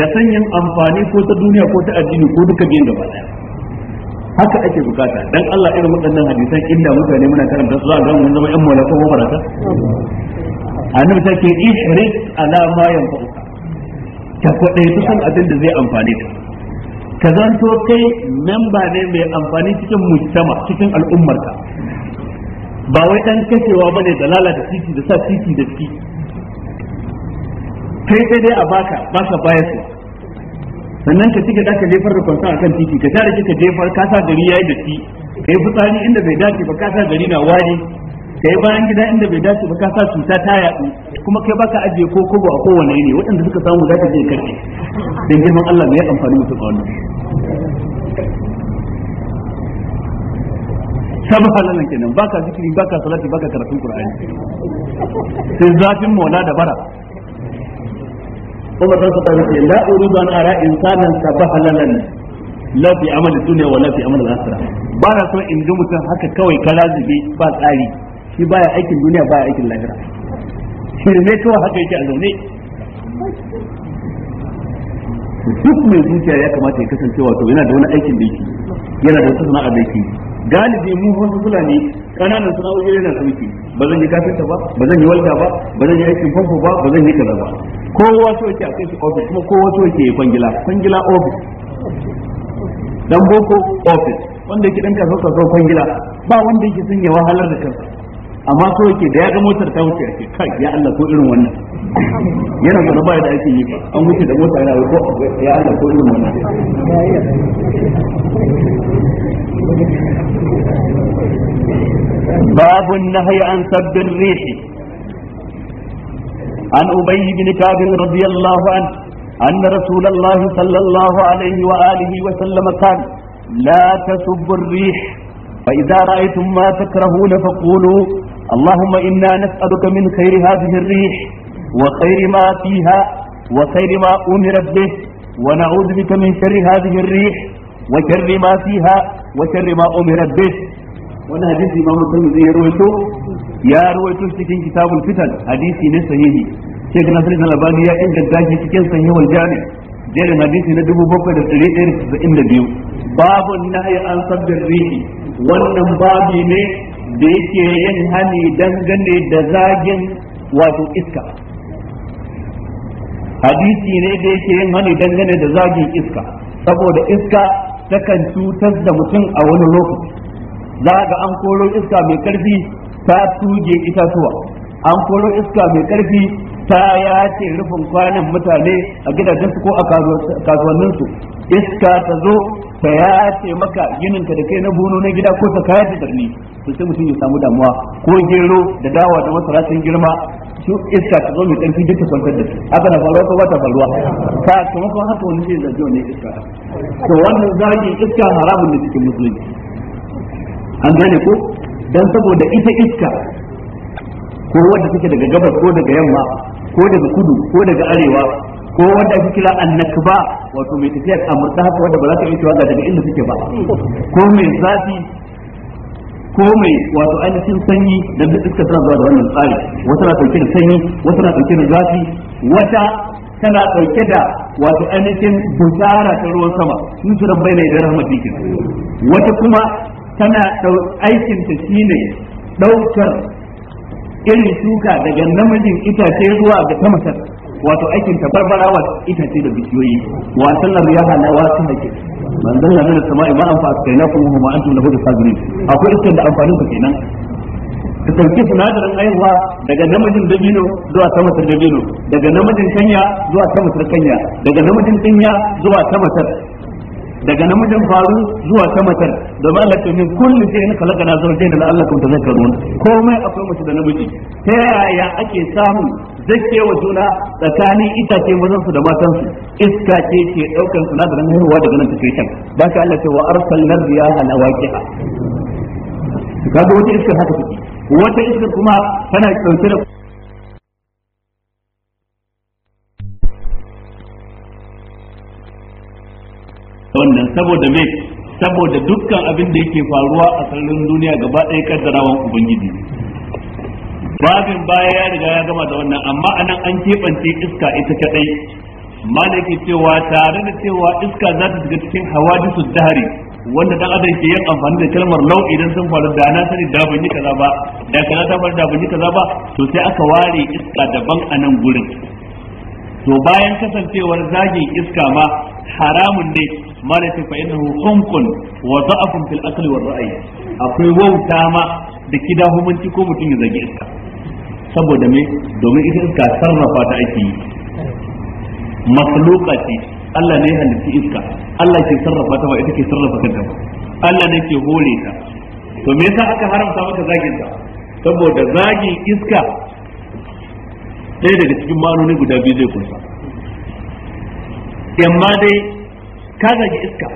da sanyin amfani ko ta duniya ko ta addini ko duka biyan gaba ɗaya haka ake bukata dan Allah irin waɗannan hadisan inda mutane muna karanta su za mu mun zama ƴan mulaka ko barata annabi ta ke ihris ala ma yanfa'u ta san abin da zai amfani ta ka to kai memba ne mai amfani cikin mujtama cikin al'ummarka ba wai ɗan kashewa ba ne da lalata titi da sa titi da fi kai sai dai a baka baka baya su sannan ka cika ka jefar da a kan titi ka tare ka jefar kasa gari ya yi da ka kai fitsari inda bai dace ba kasa gari na wari kai bayan gida inda bai dace ba ka sa cuta ta yaɗu kuma kai baka ajiye ko kogo a kowane ne waɗanda suka samu za ka je karɓe dan girman Allah ne ya amfani mutum a wannan Sabu halalan kenan baka zikiri baka salati baka karatun qur'ani sai zafin mola da bara kuma sai ta ce la uridu an ara insanan halalan la fi amali dunya wa fi amali akhirah ba na so in ga mutum haka kawai kala ba tsari shi baya aikin duniya baya aikin lahira shirme kawai haka yake a zaune duk mai zuciya ya kamata ya kasance wato yana da wani aikin da yake yana da wata sana'a da yake galibi mu wasu fulani kananan sana'o'i yana su ba zan yi kafinta ba ba zan yi walda ba ba zan yi aikin famfo ba ba zan yi kaza ba kowa so yake a kai shi office kuma kowa so yake kwangila kwangila office dan boko office wanda yake dan kasuwa kasuwa kwangila ba wanda yake sanya wahalar da kansa amma so yake da ya ga motar ta wuce yake kai ya Allah ko irin wannan yana da baya da ake yi an wuce da mota yana ko ya Allah ko irin wannan باب النهي عن سب الريح عن أبي بن كعب رضي الله عنه أن رسول الله صلى الله عليه وآله وسلم قال لا تسبوا الريح فإذا رأيتم ما تكرهون فقولوا اللهم إنا نسألك من خير هذه الريح وخير ما فيها وخير ما أمر به ونعوذ بك من شر هذه الريح وشر ما فيها وشر ما أمر به ولا حديث ما مسلم زي رويته يا رويته شتكين كتاب الفتن حديثي نسهيه شيخ نصر صلى الله عليه وسلم قال لي إنك صحيح والجامع جاري حديثي ندبه بوكو دفتري إيرس إن باب النهي عن صد الريح وانا بابي نه da yake yin hani dangane da zagin wato iska hadisi ne da yake yin hani dangane da zagin iska saboda iska takan cutar da mutum a wani lokaci za ga an koro iska mai karfi ta tuge itatuwa an koro iska mai karfi ta ya ce rufin kwanan mutane a gidajensu ko a kasuwanninsu iska ta zo ta ce maka ka da kai na buno na gida ko ta kaya da darni to sai mutum ya samu damuwa ko gero da dawa da masara sun girma su iska ta zo mai ɗanfi duka kwantar da su haka na faruwa ko ba ta faruwa ta kamakon haka wani zai zage wani iska to wannan zagin iska haramun da cikin musulunci an gane ko dan saboda ita iska ko wanda take daga gabas ko daga yamma ko daga kudu ko daga arewa ko wanda ake kira annakba wato mai tafiya a murda haka wanda ba za ka yi cewa daga inda suke ba ko mai zafi ko mai wato ainihin sanyi da iska tana zuwa da wannan tsari wata na dauke da sanyi wata na dauke da zafi wata tana dauke da wato ainihin bujara ta ruwan sama sun su bai na idan rahmati wata kuma tana aikin ta shine daukar irin shuka daga namijin itace zuwa ga ta masar wato aikin ta barbara wa itace da bishiyoyi wa sallam ya hana wa sun dake manzon Allah da sama'i ma an fa kaina kuma huma antum lahu sabirin akwai iskan da amfanin ka kenan ka sauke sinadarin aiwa daga namijin dabino zuwa ta masar dabino daga namijin kanya zuwa ta masar kanya daga namijin kanya zuwa ta masar. daga namijin faru zuwa ta macen domin Allah lafi min kulli da khalaqana zawjayn la'allakum tadhakkarun komai akwai mace da namiji ta yaya ake samun zake wa juna tsakanin itace mazan su da matan su iska ce ke da sinadarin haihuwa daga nan take kan da ka Allah ce wa arsalna riyaha lawaqiha kaga wata iska haka take wata iska kuma tana dauke da wannan saboda me saboda dukkan abin da yake faruwa a sararin duniya gaba ɗaya kaddarawan ubangiji babin baya ya riga ya gama da wannan amma anan an keɓance iska ita kadai malaki cewa tare da cewa iska za ta shiga cikin hawadisu dahari wanda dan adam ke yin amfani da kalmar lau idan sun faru da na sani da ban yi kaza ba da kaza ta faru da ban yi kaza ba to sai aka ware iska daban a nan gurin to bayan kasancewar zagin iska ma haramun ne malaka fa innahu humqun wa da'afun fil aqli war ra'yi akwai wauta ma da kida hukunci ko mutum ya zage iska saboda me domin ita iska sarrafa ta ake yi makhluqa ce Allah ne halitta iska Allah ke sarrafa ta ba ita ke sarrafa kanta ba Allah ne ke hore ta to me yasa aka haramta maka zagin ta saboda zagin iska ɗaya daga cikin ma'anoni guda biyu zai kusa amma dai ka zage iska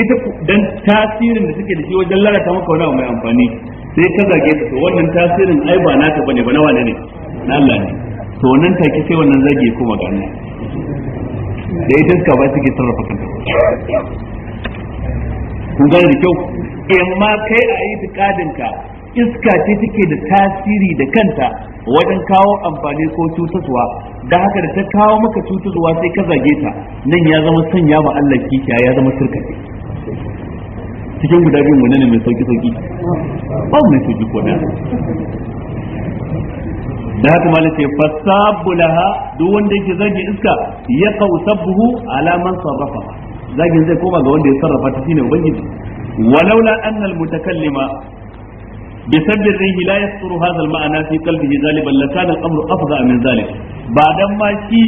ita dan tasirin da suke da shi wajen lalata maka wani mai amfani sai ka zage ta to wannan tasirin ai ba ta bane ba na wane ne na Allah ne to wannan take sai wannan zage ko magana da ita iska ba suke sarrafa kanta kun gane da kyau amma kai a yi tikadin ka iska ce take da tasiri da kanta wajen kawo amfani ko cutarwa da haka da ta kawo maka cutarwa sai ka zage ta nan ya zama sanya ma Allah kishiya ya zama sirka. ce cikin guda biyun wani ne mai sauki sauki ba mai sauki ko da da haka ma fa fasabu laha duk wanda yake zage iska ya kausabuhu ala man sarrafa zagin zai koma ga wanda ya sarrafa ta shine ubangiji walaula annal mutakallima بسد الريح لا يذكر هذا المعنى في قلبه غالبا لكان الامر افظع من ذلك بعد ما شي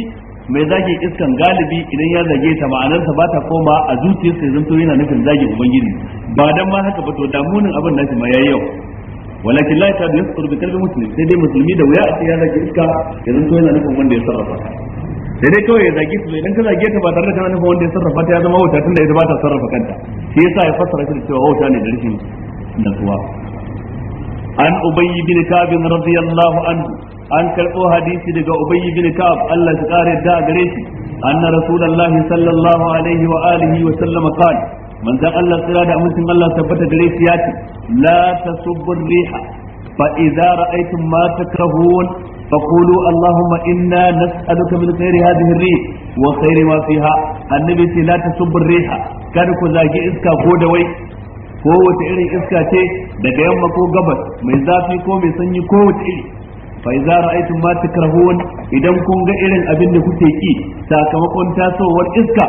mai zage iskan galibi idan ya zage ta ma'anarsa ba ta koma a zuciyarsa zan to yana nufin zage ubangiji ba dan ma haka ba to da munin abin nashi ma yayi yau walakin la ta yasqur bi kalbi muslim sai dai musulmi da wuya a ce ya zage iska ya zanto to yana nufin wanda ya sarrafa sai dai kawai ya zage su idan ka zage ta ba tare da kana nufin wanda ya sarrafa ta ya zama wuta tunda ita ba ta sarrafa kanta shi yasa ya fassara shi da cewa wuta ne da da kuwa an ubayy bin ka'ab radiyallahu anhu an karbo hadisi daga ubayy bin ka'ab Allah ya kare da gare shi anna rasulullahi sallallahu alaihi wa alihi wa sallama qala manzon Allah tsira da amincin Allah tabbata gare shi yace la tasubbu riha fa idza ra'aytum ma takrahun فقولوا اللهم إنا نسألك من خير هذه الريح وخير ما فيها النبي لا تسب الريح كان كذا إسكا كودوي ko wata irin iska ce daga yamma ko gabas mai zafi ko mai sanyi ko wata iri fa idza ra'aytum ma takrahun idan kun ga irin abin da kuke ki sakamakon tasowar iska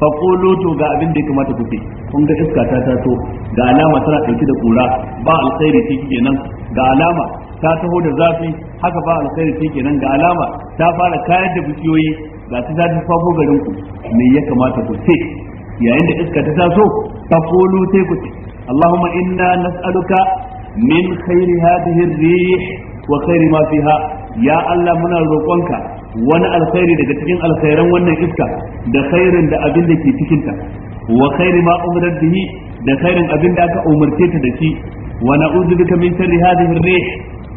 fa qulu to ga abin da kamata kuke kun ga iska ta taso ga alama tana dauke da kura ba alkhairi ce kenan ga alama ta taho da zafi haka ba alkhairi ce kenan ga alama ta fara kayar da bishiyoyi ga ta zafi fafo garin ku me ya kamata ku ce yayin da iska ta taso fa qulu sai ku ce اللهم إنا نسألك من خير هذه الريح وخير ما فيها يا الله من روقنك wani alkhairi daga cikin alkhairan wannan iska da khairin da abin da ke cikinta wa khairi ma umirat bihi da khairin abin da aka umarce ta da shi wa na'udhu bika min sharri hadhihi ar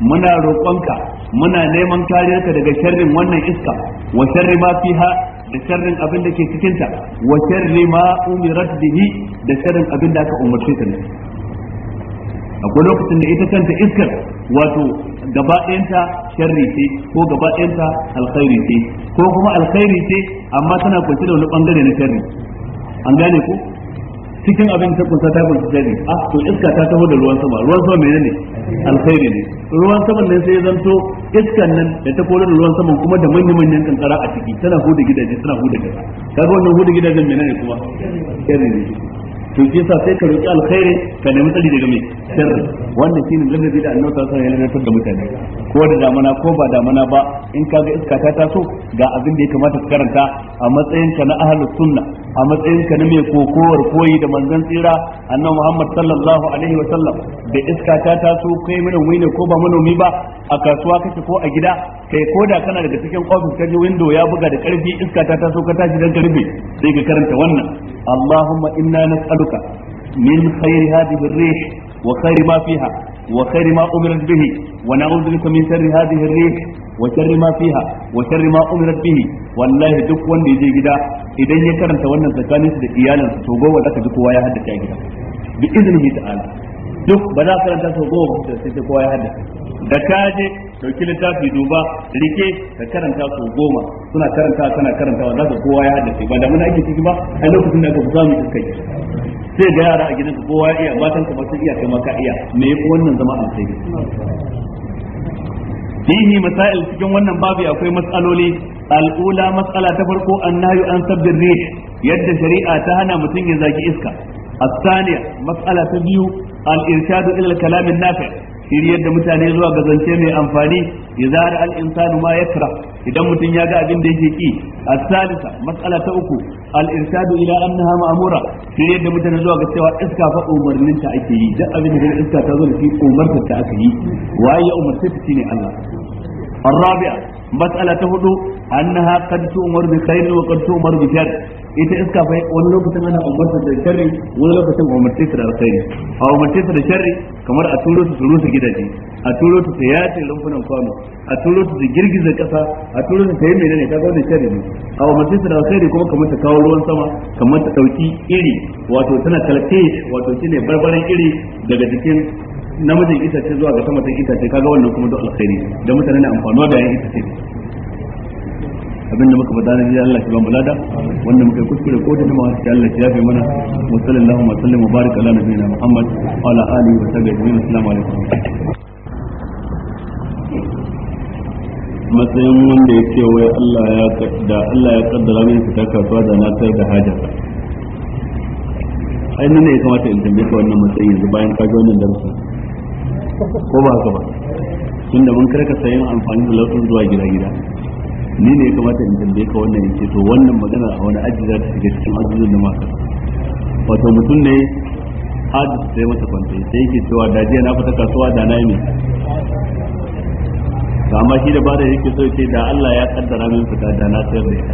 muna roƙonka muna neman kariyarka daga sharrin wannan iska wa sharri ma fiha da sharrin abin da ke cikin ta wa sharri ma umirat bihi da sharrin abin da aka umarce ta ne akwai lokacin da ita kanta iskar wato gaba ɗayanta sharri ce ko gaba ɗayanta alkhairi ce ko kuma alkhairi ce amma tana kwanci da wani bangare na sharri an gane ko cikin abin ta kunsa ta kunsa ne a to iska ta taho da ruwan sama ruwan sama mai ne alkhairi ne ruwan sama ne sai zanto iskan nan da ta kore da ruwan sama kuma da manyan manyan kankara a ciki tana hudu gidaje tana hudu gidaje kaga wannan hudu gidajen ne kuma sharri ne to shi yasa sai ka roki alkhairi ka nemi tsari daga mai sirri wannan shine ladabi da annabi sallallahu alaihi wasallam da mutane ko da damana ko ba damana ba in ka ga iska ta taso ga abin da ya kamata ka karanta a matsayin ka na ahlus sunna a matsayin ka na mai kokowar koyi da manzon tsira annabi Muhammad sallallahu alaihi wasallam da iska ta taso kai manomi ne ko ba manomi ba a kasuwa kake ko a gida kai ko da kana daga cikin ofis ka je window ya buga da karfi iska ta taso ka tashi dan karfi sai ka karanta wannan Allahumma inna nas'aluka ربك من خير هذه الريح وخير ما فيها وخير ما أمرت به ونعوذ بك من شر هذه الريح وشر ما فيها وشر ما أمرت به والله duk wanda yaje gida idan ya karanta wannan tsakanin da iyalin su togo wanda ka kowa ya haddace gida duk ba za karanta su gowa ba kowa ya haddace da kaje dauki littafi duba rike ka karanta su goma suna karanta kana karantawa za ka kowa ya ba da mun ciki ba a lokacin da kai sai ga yara a gidanka kowa iya matan ka ba iya kai maka iya me yafi wannan zama a sai fihi masail cikin wannan babu akwai matsaloli al'ula matsala ta farko annahu an sabbir rih yadda shari'a ta hana mutum ya zagi iska ta biyu بيو الإرشاد إلى kalamin nafi shiryar da mutane zuwa ga zance mai amfani izar al insanu ma yakra idan mutum ya ga abin da yake ki as-salisa mas'ala ta uku al irshadu ila annaha ma'mura shiryar da mutane zuwa ga cewa iska fa umarnin ta ake yi duk abin da iska ta zo da shi umarta ta ake yi waye ya umarta ta ne Allah الرابعة مسألة هدو أنها قد تؤمر بخير وقد تؤمر بشر ita iska fa wani lokacin ana umarta da sharri wani lokacin umarta ta da alkhairi a umarta ta da sharri kamar a turo su su gidaje a turo su ya ce lumfunan kwano a turo su girgiza kasa a turo su ta yi menene ta gwada sharri ne a umarta ta da alkhairi kuma kamar ta kawo ruwan sama kamar ta dauki iri wato tana kalte wato shine barbaran iri daga jikin namijin itace zuwa ga sama ta itace kaga wannan kuma duk alkhairi da mutane na amfanuwa da yan itace abinda muka fada na jiya Allah shi ba mu lada wanda muka kuskure ko da jama'a ci Allah shi yafe mana wa sallallahu wa sallam wa baraka ala nabiyina Muhammad wa ala alihi wa sahbihi assalamu alaikum matsayin wanda ya ce wai Allah ya da Allah ya kaddara min fita kasuwa da na tsayar da haja ai nan ne ya kamata in tambaye ka wannan matsayi yanzu bayan ka ga wannan darasin ko ba haka ba tunda mun karka sayan amfani da lautun zuwa gida gida ni ne kamata in tambaye ka wannan yake to wannan magana a wani aji za ta shiga cikin ajiyar da maka wato mutum ne hajji sai masa kwantai sai yake cewa da jiya na fita kasuwa da na yi ne amma shi da bada yake so ce da Allah ya kaddara min fita da na sayar da ita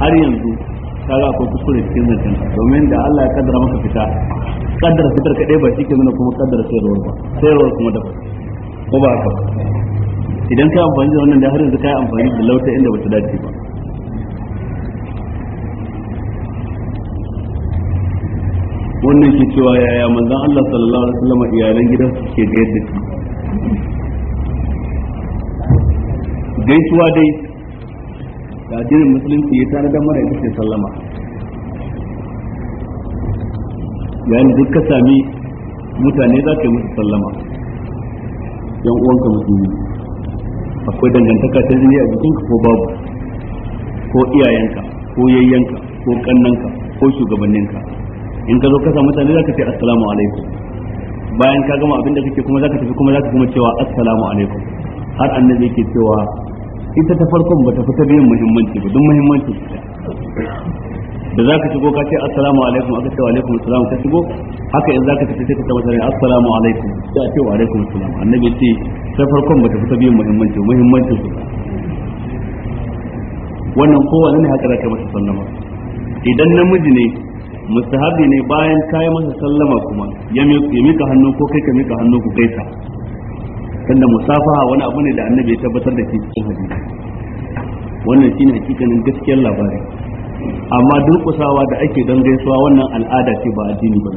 har yanzu kaga akwai kuskure cikin zancen domin da Allah ya kaddara maka fita kaddara fitar kaɗai ba shi ke nuna kuma kaddara sayarwar ba sayarwar kuma ba ko ba haka idan ka amfani da wannan da har yanzu ka yi amfani da lauta inda ta dace ba wannan ke cewa yaya manzan Allah sallallahu alaihi wasallam iyalan su ke gayar da shi gaisuwa dai da addinin musulunci ya tare da mara ita ce sallama yayin duk ka sami mutane za ka yi musu sallama yan uwanka musulmi akwai dangantaka ta jini a jikinka ko babu ko iyayenka ko yayyanka ko kannanka ko shugabanninka in ka zo ka samu mutane zaka ce assalamu alaikum bayan ka gama abin da kake kuma zaka tafi kuma zaka kuma cewa assalamu alaikum har annabi yake cewa ita ta farkon ba ta fita biyan muhimmanci ba don muhimmanci da za ka shigo ka ce assalamu alaikum aka ce wa alaikum assalam ka shigo haka in za ka tafi sai ka tabbatar ne assalamu alaikum sai a ce wa alaikum assalam annabi ce ta farkon ba ta fita biyan muhimmanci muhimmanci su wannan kowanne ne haka za kai masa sallama idan namiji ne mustahabi ne bayan kayi masa sallama kuma ya mika hannu ko kai ka mika hannu ku gaisa tunda musafaha wani abu ne da annabi ya tabbatar da shi cikin hadisi wannan shine hakikanin gaskiyar labari amma durkusawa da ake don gaisuwa wannan al'ada ce ba addini ba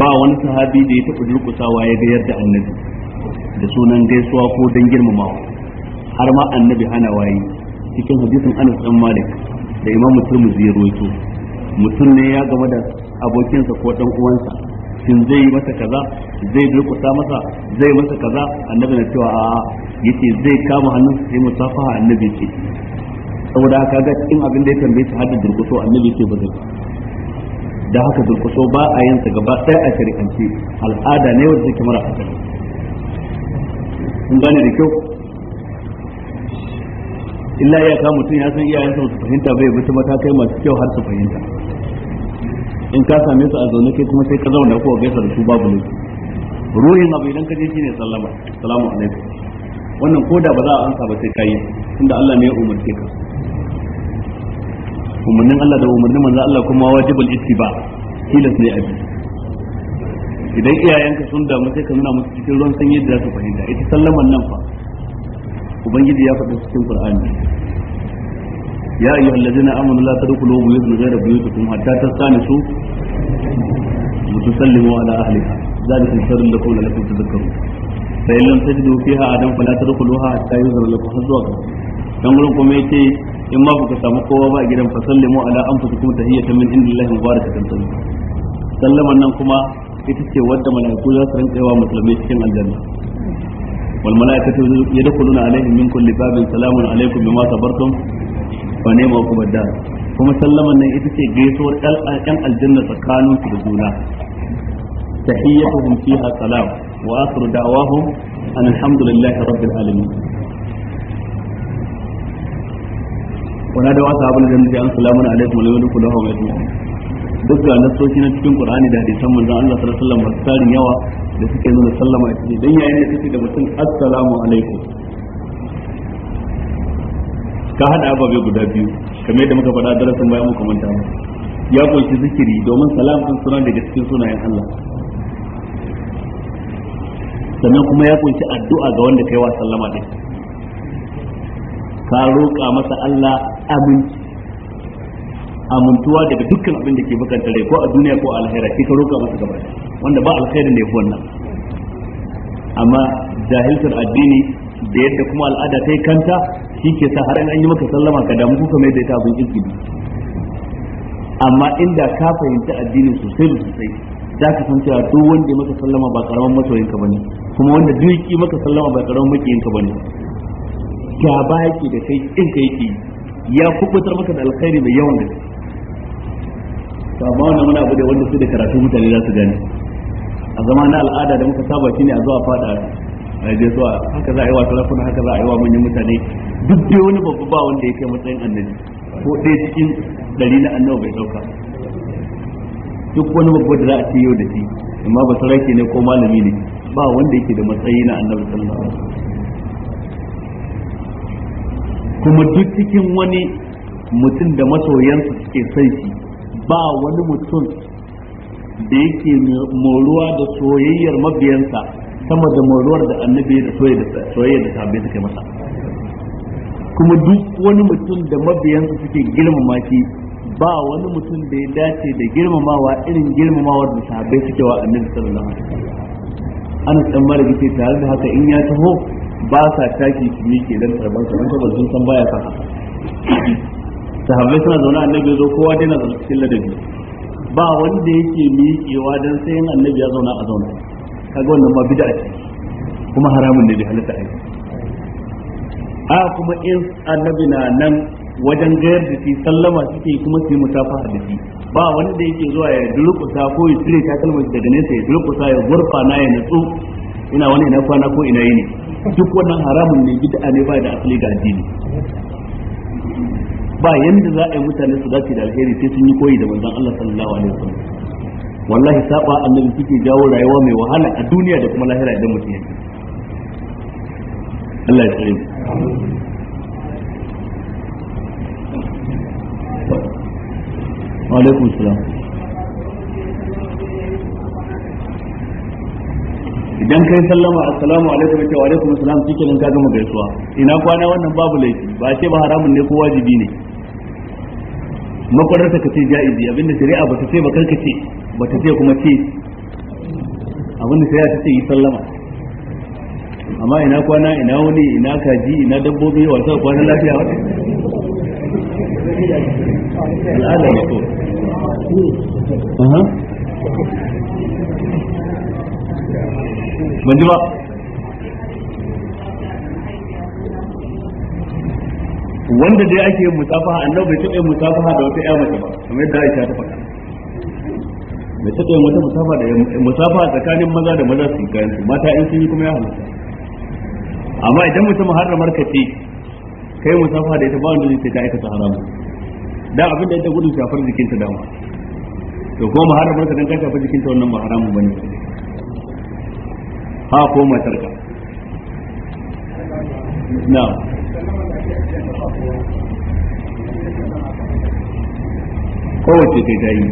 ba wani sahabi da ya taɓa durkusawa ya ga da annabi da sunan gaisuwa ko don girmamawa har ma annabi hana waye cikin hadisin anas ɗan malik da imamu mutum ya ruwaito mutum ne ya game da abokinsa ko ɗan uwansa shin zai yi masa kaza zai durkusa masa zai masa kaza annabi na cewa a'a yace zai kama hannunsa sai musafaha annabi ce saboda haka ga in abin da ya tambaye ta hadda durkuso annabi ke bazai da haka durkuso ba a yin sa gaba ɗaya a shari'ance al'ada ne wanda take mara asali kun gane da kyau illa ya ka mutum ya san iyayensa su fahimta bai bi matakai masu kyau har su fahimta in ka same su a zaune kai kuma sai ka zauna ko gaisa da su babu ne ruhin abu idan ka je shine sallama assalamu alaikum wannan koda ba za a ansa ba sai kai tunda Allah ne ya umarce ka umarnin Allah da umarnin manzon Allah kuma wajibul ittiba tilas ne abi idan iyayenka sun damu sai ka nuna musu cikin ruwan sanyi da za su fahimta ita sallaman nan fa ubangiji ya faɗa cikin qur'ani ya ayyuhal ladzina amanu la tadkhulu buyutan ghayra buyutikum hatta tastanisu wa tusallimu ala ahliha zalikum sharrun lakum la'allakum tadhakkarun fa in lam tajidu fiha adan fala tadkhuluha hatta yuzra lakum hazwa dan gurin kuma yace in ma baka samu kowa ba a gidan fa sallimu ala anfusikum tahiyatan min indillahi mubarakatan tayyiba sallaman nan kuma ita ce wadda mala'iku za su rinka yawa musulmai cikin aljanna wal mala'ikatu yadkhuluna alaihim min kulli babin salamun alaikum bima sabartum fa ni'ma uqbadar kuma sallaman nan ita ce gaisuwar ɗan aljanna tsakanin su da juna tahiyyatuhum fiha salam wa akhiru da'wahum alhamdulillahi rabbil alamin wana da wasu abin da an salamun alaikum wa lamun kullu hawa mai duk ga nasoshi na cikin qur'ani da hadisan manzon Allah sallallahu alaihi wasallam masu tarin yawa da suke nuna sallama ce dan yayin da suke da mutum assalamu alaikum ka hada ababe guda biyu kamar yadda muka faɗa darasin bayan muka manta ya kunshi zikiri domin salam din suna daga cikin sunayen Allah sannan kuma ya kunshi addu'a ga wanda kai wa sallama din ka roƙa masa Allah aminci amintuwa daga dukkan abin da ke bukanta rai ko a duniya ko a alkhaira ka roƙa masa gaba wanda ba alkhairin da fi wannan amma jahilcin addini da yadda kuma al'ada ta yi kanta shi ke sa har an yi maka sallama ka damu kuka mai da ita abin izgidi amma inda ka fahimci addini sosai da sosai za ka san cewa duk wanda ya maka sallama ba karamin masoyinka ne kuma wanda duk ya maka sallama ba karamin makiyinka ne gaba yake da kai in kai ki ya kubutar maka da alkhairi mai yawan gaske to amma wannan muna abu wanda su da karatu mutane za su gane a zama na al'ada da muka saba shine a zuwa fada a je zuwa haka za a yi wa tarafuna haka za a yi wa manyan mutane duk dai wani babba ba wanda ya kai matsayin annabi ko ɗaya cikin ɗari na annabi bai ɗauka duk wani babba da za a ce yau da shi amma ba sarki ne ko malami ne ba wanda yake da matsayi na annabi sallallahu alaihi wasallam kuma duk cikin wani mutum da masoyansa suke son shi ba wani mutum da yake moruwa da soyayyar mabiyansa sama da moruwar da annabi da soyayyar da sahabbai suka masa kuma duk wani mutum da mabiyansa suke girmama shi ba wani mutum da ya dace da girmamawa irin girmamawar da sahabbai suke wa annabi sallallahu alaihi wasallam ana tsammar da tare da haka in ya taho ba sa tashi su ke dan karban sa dan saboda sun san baya sa sahabbai suna zaune annabi zo kowa dai na zaune cikin ladabi ba wanda yake miƙewa dan sai yin annabi ya zauna a zauna kaga wannan ma bid'a ce kuma haramun ne bai halatta aiki a kuma in annabi na nan wajen gayar da shi sallama suke kuma su yi musafa da shi ba wanda yake zuwa ya durkusa ko ya cire takalmar daga nesa ya durkusa ya gurfana ya nutsu ina wani ina kwana ko ina yini duk wannan haramun ne bid'a ne ba da asali ga addini ba yanda za a yi mutane su dace da alheri sai sun yi koyi da manzon Allah sallallahu alaihi wasallam wallahi saba annabi suke jawo rayuwa mai wahala a duniya da kuma lahira idan mutum ya Allah ya tsare mu wa alaikum idan kai sallama assalamu alaikum wa alaikum assalam kenan ka gama gaisuwa ina kwana wannan babu laifi ba ce ba haramun ne ko wajibi ne makwarar ka ce ja'izi abinda shari'a ba ta ce ba karka ce, ba ta ce kuma ce abinda shari'a ta ce yi sallama amma ina kwana ina wani ina kaji ina dabbobi wasa kwana lafiya wata al'ada ne ko ban ji ba wanda dai ake yin musafaha annabi bai taɓa yin musafaha da wata ƴa mace ba kamar yadda Aisha ta faɗa bai taɓa yin wata musafa da musafa tsakanin maza da maza su kayan su mata in sun yi kuma ya halatta amma idan mutum harramar ka ce kai musafaha da ita ba wanda zai ce ta aikata haramu da abin da ita gudu shafar jikinta dama to kuma muharramar ka dan ka shafa jikinta wannan ba haramun bane ha ko matarka na kowace kai ta yi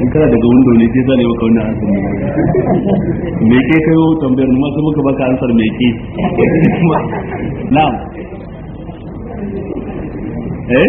in kana daga wando ne ke zane maka wannan ansar ne me ke kayo tambayar ma sai muka baka ansar me ke na'am eh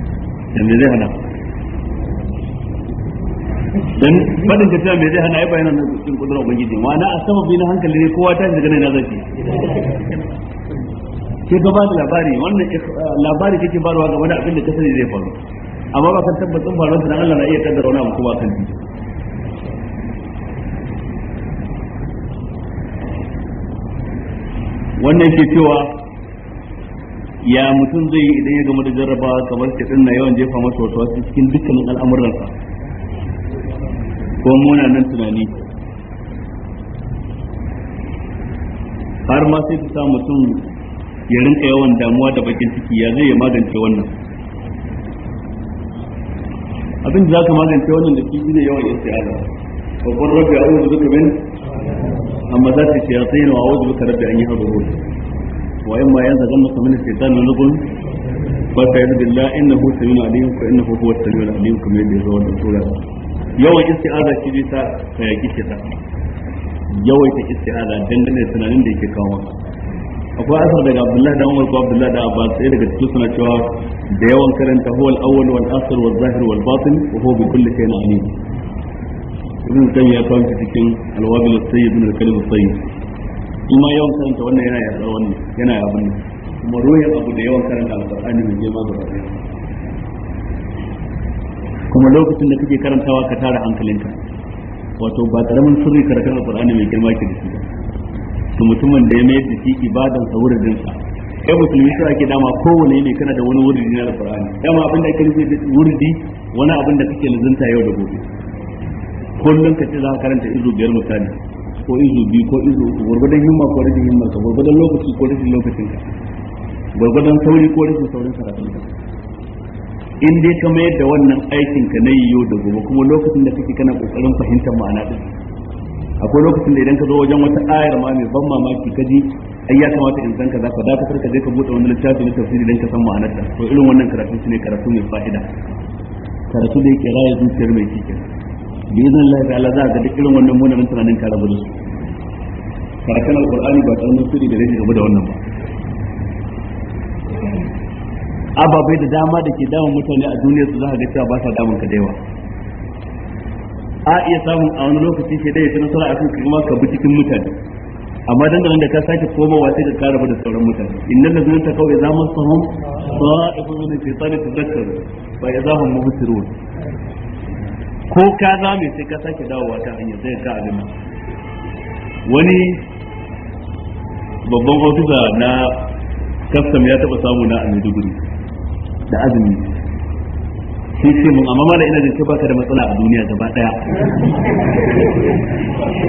da me zai hana dan fadin ka cewa me zai hana ai bayanan nan cikin kudurar ubangiji ma na bi na hankali ne kowa ta daga nan na zafi ke ga ba labari wannan ah, labari kake barwa game da abin da ka sani zai faru amma ba ka tabbatar faruwar sa dan Allah na iya kaddara wani abu kuma kan ji wannan ke cewa ya mutum zai yi idan ya gama da jarrabawa kamar ke din na yawan jefa masa wasu wasu cikin dukkanin al'amuransa ko munanan tunani har ma sai ta sa mutum ya rinka yawan damuwa da bakin ciki ya zai ya magance wannan abin da za ka magance wannan da kiki ne yawan istiaza wa qur rabbi a'udhu bika min amma zati na wa a'udhu bika rabbi an yi yahdurun wa in sa dangane da tunanin da yake kawo akwai asar daga abdullahi da umar ko abdullahi da abbas sai daga cikin suna cewa da yawan karanta huwal awwal wal wal zahir wal batin wa huwa bi kulli shay'in alim ibn ya cikin alwabil sayyid ibn al-kalim sayyid shi ma yawan karanta wannan yana yarda wannan yana abin kuma royar abu da yawan karanta alƙur'ani mai girma ga ɗaya kuma lokacin da kake karantawa ka tara hankalinka wato ba karamin sirri karatun alƙur'ani mai girma ke da shi to mutumin da ya mayar da shi ibadan sa wurin sa kai musulmi sai ake dama kowane ne kana da wani wurdi na alƙur'ani dama abinda kake nufi da wurdi wani abinda da kake lazunta yau da gobe kullum ka ce za ka karanta izu biyar misali ko izu biyu ko izu uku gwargwadon himma ko rashin himmar ka gwargwadon lokaci ko rashin lokacin ka gwargwadon sauri ko rashin saurin karatun ka in dai ka mayar da wannan aikin ka na yiwu da gobe kuma lokacin da kake kana kokarin fahimtar ma'ana din akwai lokacin da idan ka zo wajen wata ayar ma mai ban mamaki ka ji ai ya kamata in san za ka dakatar ka je ka bude wannan littafin na tafsiri idan ka san ma'anar ta to irin wannan karatu shine karatu mai fa'ida karatu da yake raya zuciyar mai kike bi idan Allah ta'ala za ka duk irin wannan munanan tunanin ka rabu da su karatun alkur'ani ba karamin sirri da rage game da wannan ba ababai da dama da ke damun mutane a duniya su za ka ga cewa ba sa damun ka daiwa a iya samun a wani lokaci sai dai ya nasara a cikin kuma ka bi cikin mutane amma dan da ka sake komawa sai ka karaba da sauran mutane innal ladzina taqaw idza massahum sa'ifun min shaytani tadhakkaru wa idza hum mubsirun ko ka zame sai ka sake dawowa ta hanyar zai ka abin wani babban ofisa na kastam ya taba samu na a Maiduguri da azumi shi ce mun amma mana ina jin ba baka da matsala a duniya gaba daya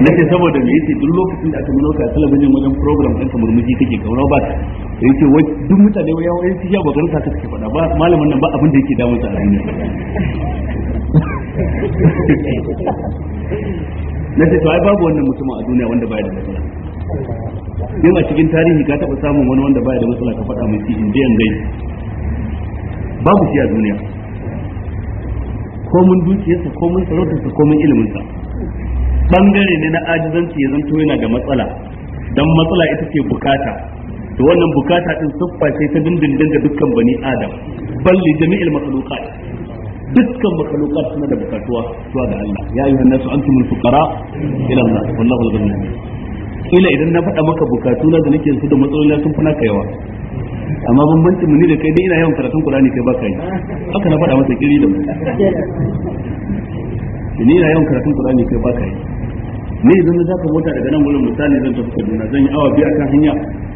nake saboda me yace duk lokacin da aka munauka talabijin wajen program ɗinka murmushi kake kaura ba yace wai duk mutane ya yawon shi ya bakar ka kake faɗa ba malamin nan ba abin da yake damun sa a duniya nace to ai babu wannan mutum a duniya wanda baya da matsala yin a cikin tarihi ka taɓa samun wani wanda baya da matsala ka faɗa mai shi biyan gai babu shi a duniya ko mun dukiyarsa ko mun sarautarsa ko mun iliminsa bangare ne na ajizanci ya zanto yana da matsala dan matsala ita ce bukata to wannan bukata din tuffa sai ta dindindin ga dukkan bani adam balli jami'il makhluqat dukkan makhluqat suna da bukatuwa zuwa ga Allah ya ayyuhan nasu antumul fuqara ila Allah wallahu al-ghani kila idan na faɗa maka bukatu na da nake su da matsalolin sun fi naka yawa amma bambancin mu ne da kai dai ina yawan karatun Qur'ani kai baka yi haka na faɗa masa kiri da mu ni ina yawan karatun Qur'ani kai baka yi ne idan na zaka mota daga nan wurin misali zan tafi Kaduna zan yi awa biya kan hanya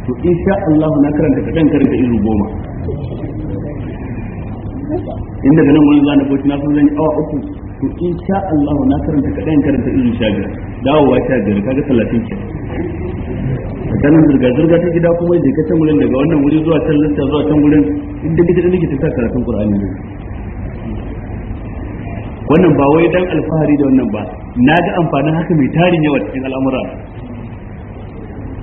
to insha Allah na karanta kadan karanta izu goma inda daga nan wurin zan na na san zan yi awa uku to sha Allah na karanta kadan karanta irin sha biyar dawowa sha biyar kaga talatin ke tsakanin zirga zirga ta gida kuma je ka can wurin daga wannan wuri zuwa can lissa zuwa can gurin inda kika da nake ta karatun Qur'ani ne wannan ba wai dan alfahari da wannan ba na ga amfanin haka mai tarin yawa cikin al'amura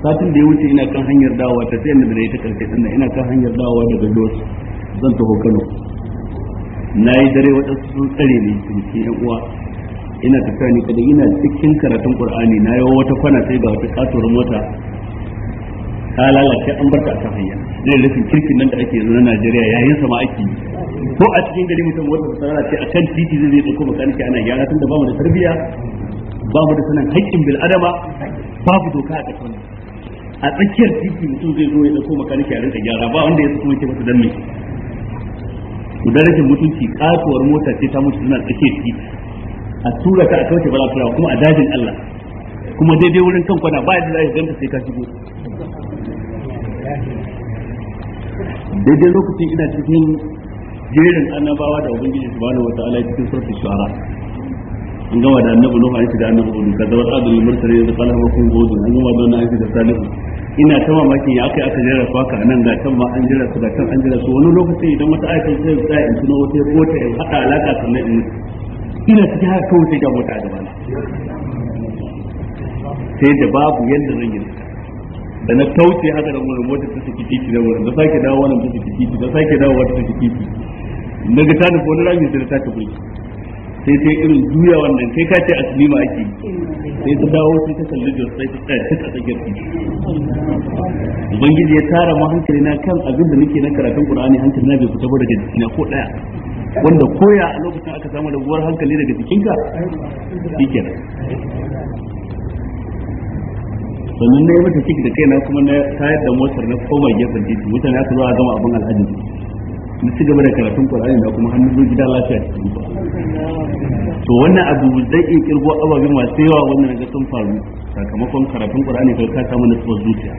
satin da ya wuce ina kan hanyar dawowa ta sai da na yi ta karfe sannan ina kan hanyar dawowa daga Jos zan taho Kano na yi dare waɗansu sun tsare ne cikin yan uwa ina tafiya ne kada ina cikin karatun qur'ani na yi wata kwana sai ga wata katuwar mota ta lalace an barta a kan hanya ne lafin kirkin nan da ake yanzu na Najeriya yayin sama ake yi ko a cikin gari mutum wata ta lalace a kan titi zai zai ko makaniki ana gyara tun da bamu da tarbiyya bamu da sanin haƙƙin bil adama babu doka a tsakanin a tsakiyar titi mutum zai zo ya ko makaniki a rinka gyara ba wanda ya tsoko yake masa dan mai idan rashin mutunci katuwar mota ce ta mutu suna tsake ciki a tura ta a kawace ba tura kuma a dajin Allah kuma daidai wurin kan kwana ba yadda za ka ganta sai ka shigo daidai lokacin ina cikin jerin annabawa da ubangiji subhanahu wataala cikin suratul shara an gama da annabi lokacin da annabi hudu kaza wa adul mursalin da qala ma kun gozun an gama da annabi da salihu ina ta mamaki ya kai aka jira su haka nan ga can ma an jira su ga can an jira su wani lokacin idan wata ayatin sai ta in tuno wata ko ta in hada alaka sannan in ina cikin haka kawai sai ga mota gaba na sai da babu yadda zan yi da na tauce haka da wani mota ta saki titi da wani da sake dawo wannan ta saki titi da sake dawo wata ta saki titi daga ta nufi wani rami sai ta tafi sai ta irin juya wannan kai ka ce ma ake sai ta dawo sai ta kalli jos sai ta tsaya ta tsakiyar ciki ubangiji ya tara ma hankali na kan abin da nake na karatun qur'ani hankali na bai fita ba daga jikina ko daya wanda koya a lokacin aka samu rabuwar hankali daga jikinka shikenan sannan na yi mata kik da kaina kuma na tayar da motar na koma gefen titi mutane aka zo a gama abin al'ajin na ci gaba da karatun qur'ani da kuma hannun gida lafiya cikin to wannan abu zai iya kirgo ababe masu yawa wannan ga sun faru sakamakon karatun qur'ani kai ka samu nutsuwar zuciya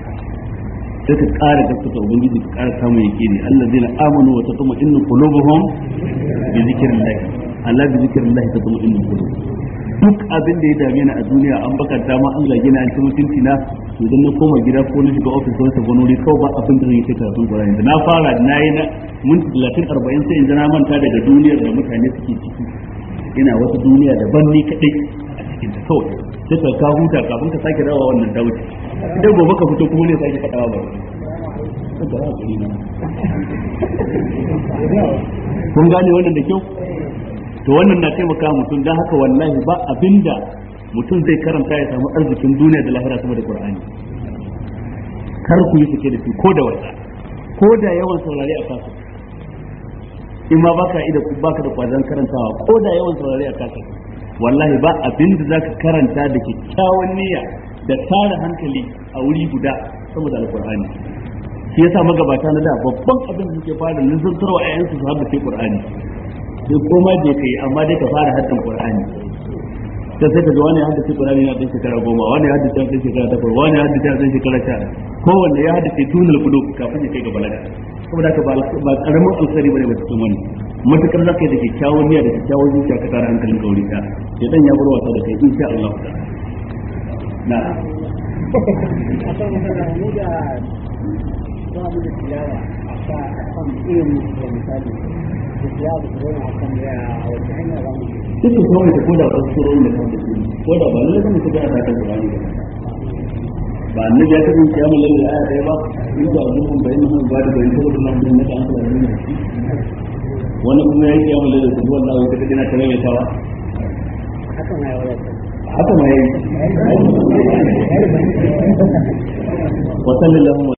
sai ka ƙara gaskata ubangiji ka ƙara samun yakini allazina amanu wa tatma'innu qulubuhum bi zikrillah Allah bi zikrillah tatma'innu qulub duk abin da ya dame ni a duniya an baka dama an zage ni an ci mutunci na to dan na koma gida ko na shiga office ko ta gonori kawai ba abin da zan yi sai karatun Qur'ani da na fara na yi na mun 30 40 sai in na manta daga duniyar da mutane suke ciki ina wata duniya daban ni kaɗai a cikin ta kawai sai ka ka huta kafin ka sake dawowa wannan dauki wuce idan gobe ka fito kuma ne sake fadawa ba kun gane wannan da kyau to wannan na taimaka mutum dan haka wallahi ba abinda mutum zai karanta ya samu arzikin duniya da lahira sama da qur'ani kar ku yi suke da shi ko da wata, ko da yawan saurare a kasu. in ma baka ida baka da kwazon karantawa ko da yawan saurare a kasa wallahi ba abin da zaka karanta da kyakkyawan niyya da tara hankali a wuri guda saboda alqur'ani shi yasa magabata na da babban abin da suke fara nazartarwa ayyansu su haddace qur'ani sai koma je kai amma dai ka fara haddan qur'ani sai sai kaga wani ya haddace Qur'ani yana dan shekara goma wani ya haddace dan shekara takwas wani ya haddace dan shekara sha kowanne ya haddace tunul kudu kafin ya kai ga balaga saboda ka ba karamin bane ba cikin wani matukar za ka yi da kyakkyawan niyya da kyakkyawan zuciya ka tara hankalin ka wuri ta sai dan ya bar wasa da kai insha Allah na [laughs] misali. duk kawai ta koda da kan koda ba lalle a takan ba ba ya ɗaya ba in ba bayan ba da bayan kuma ya su wanda na tare tawa haka ma ya haka ma ya yi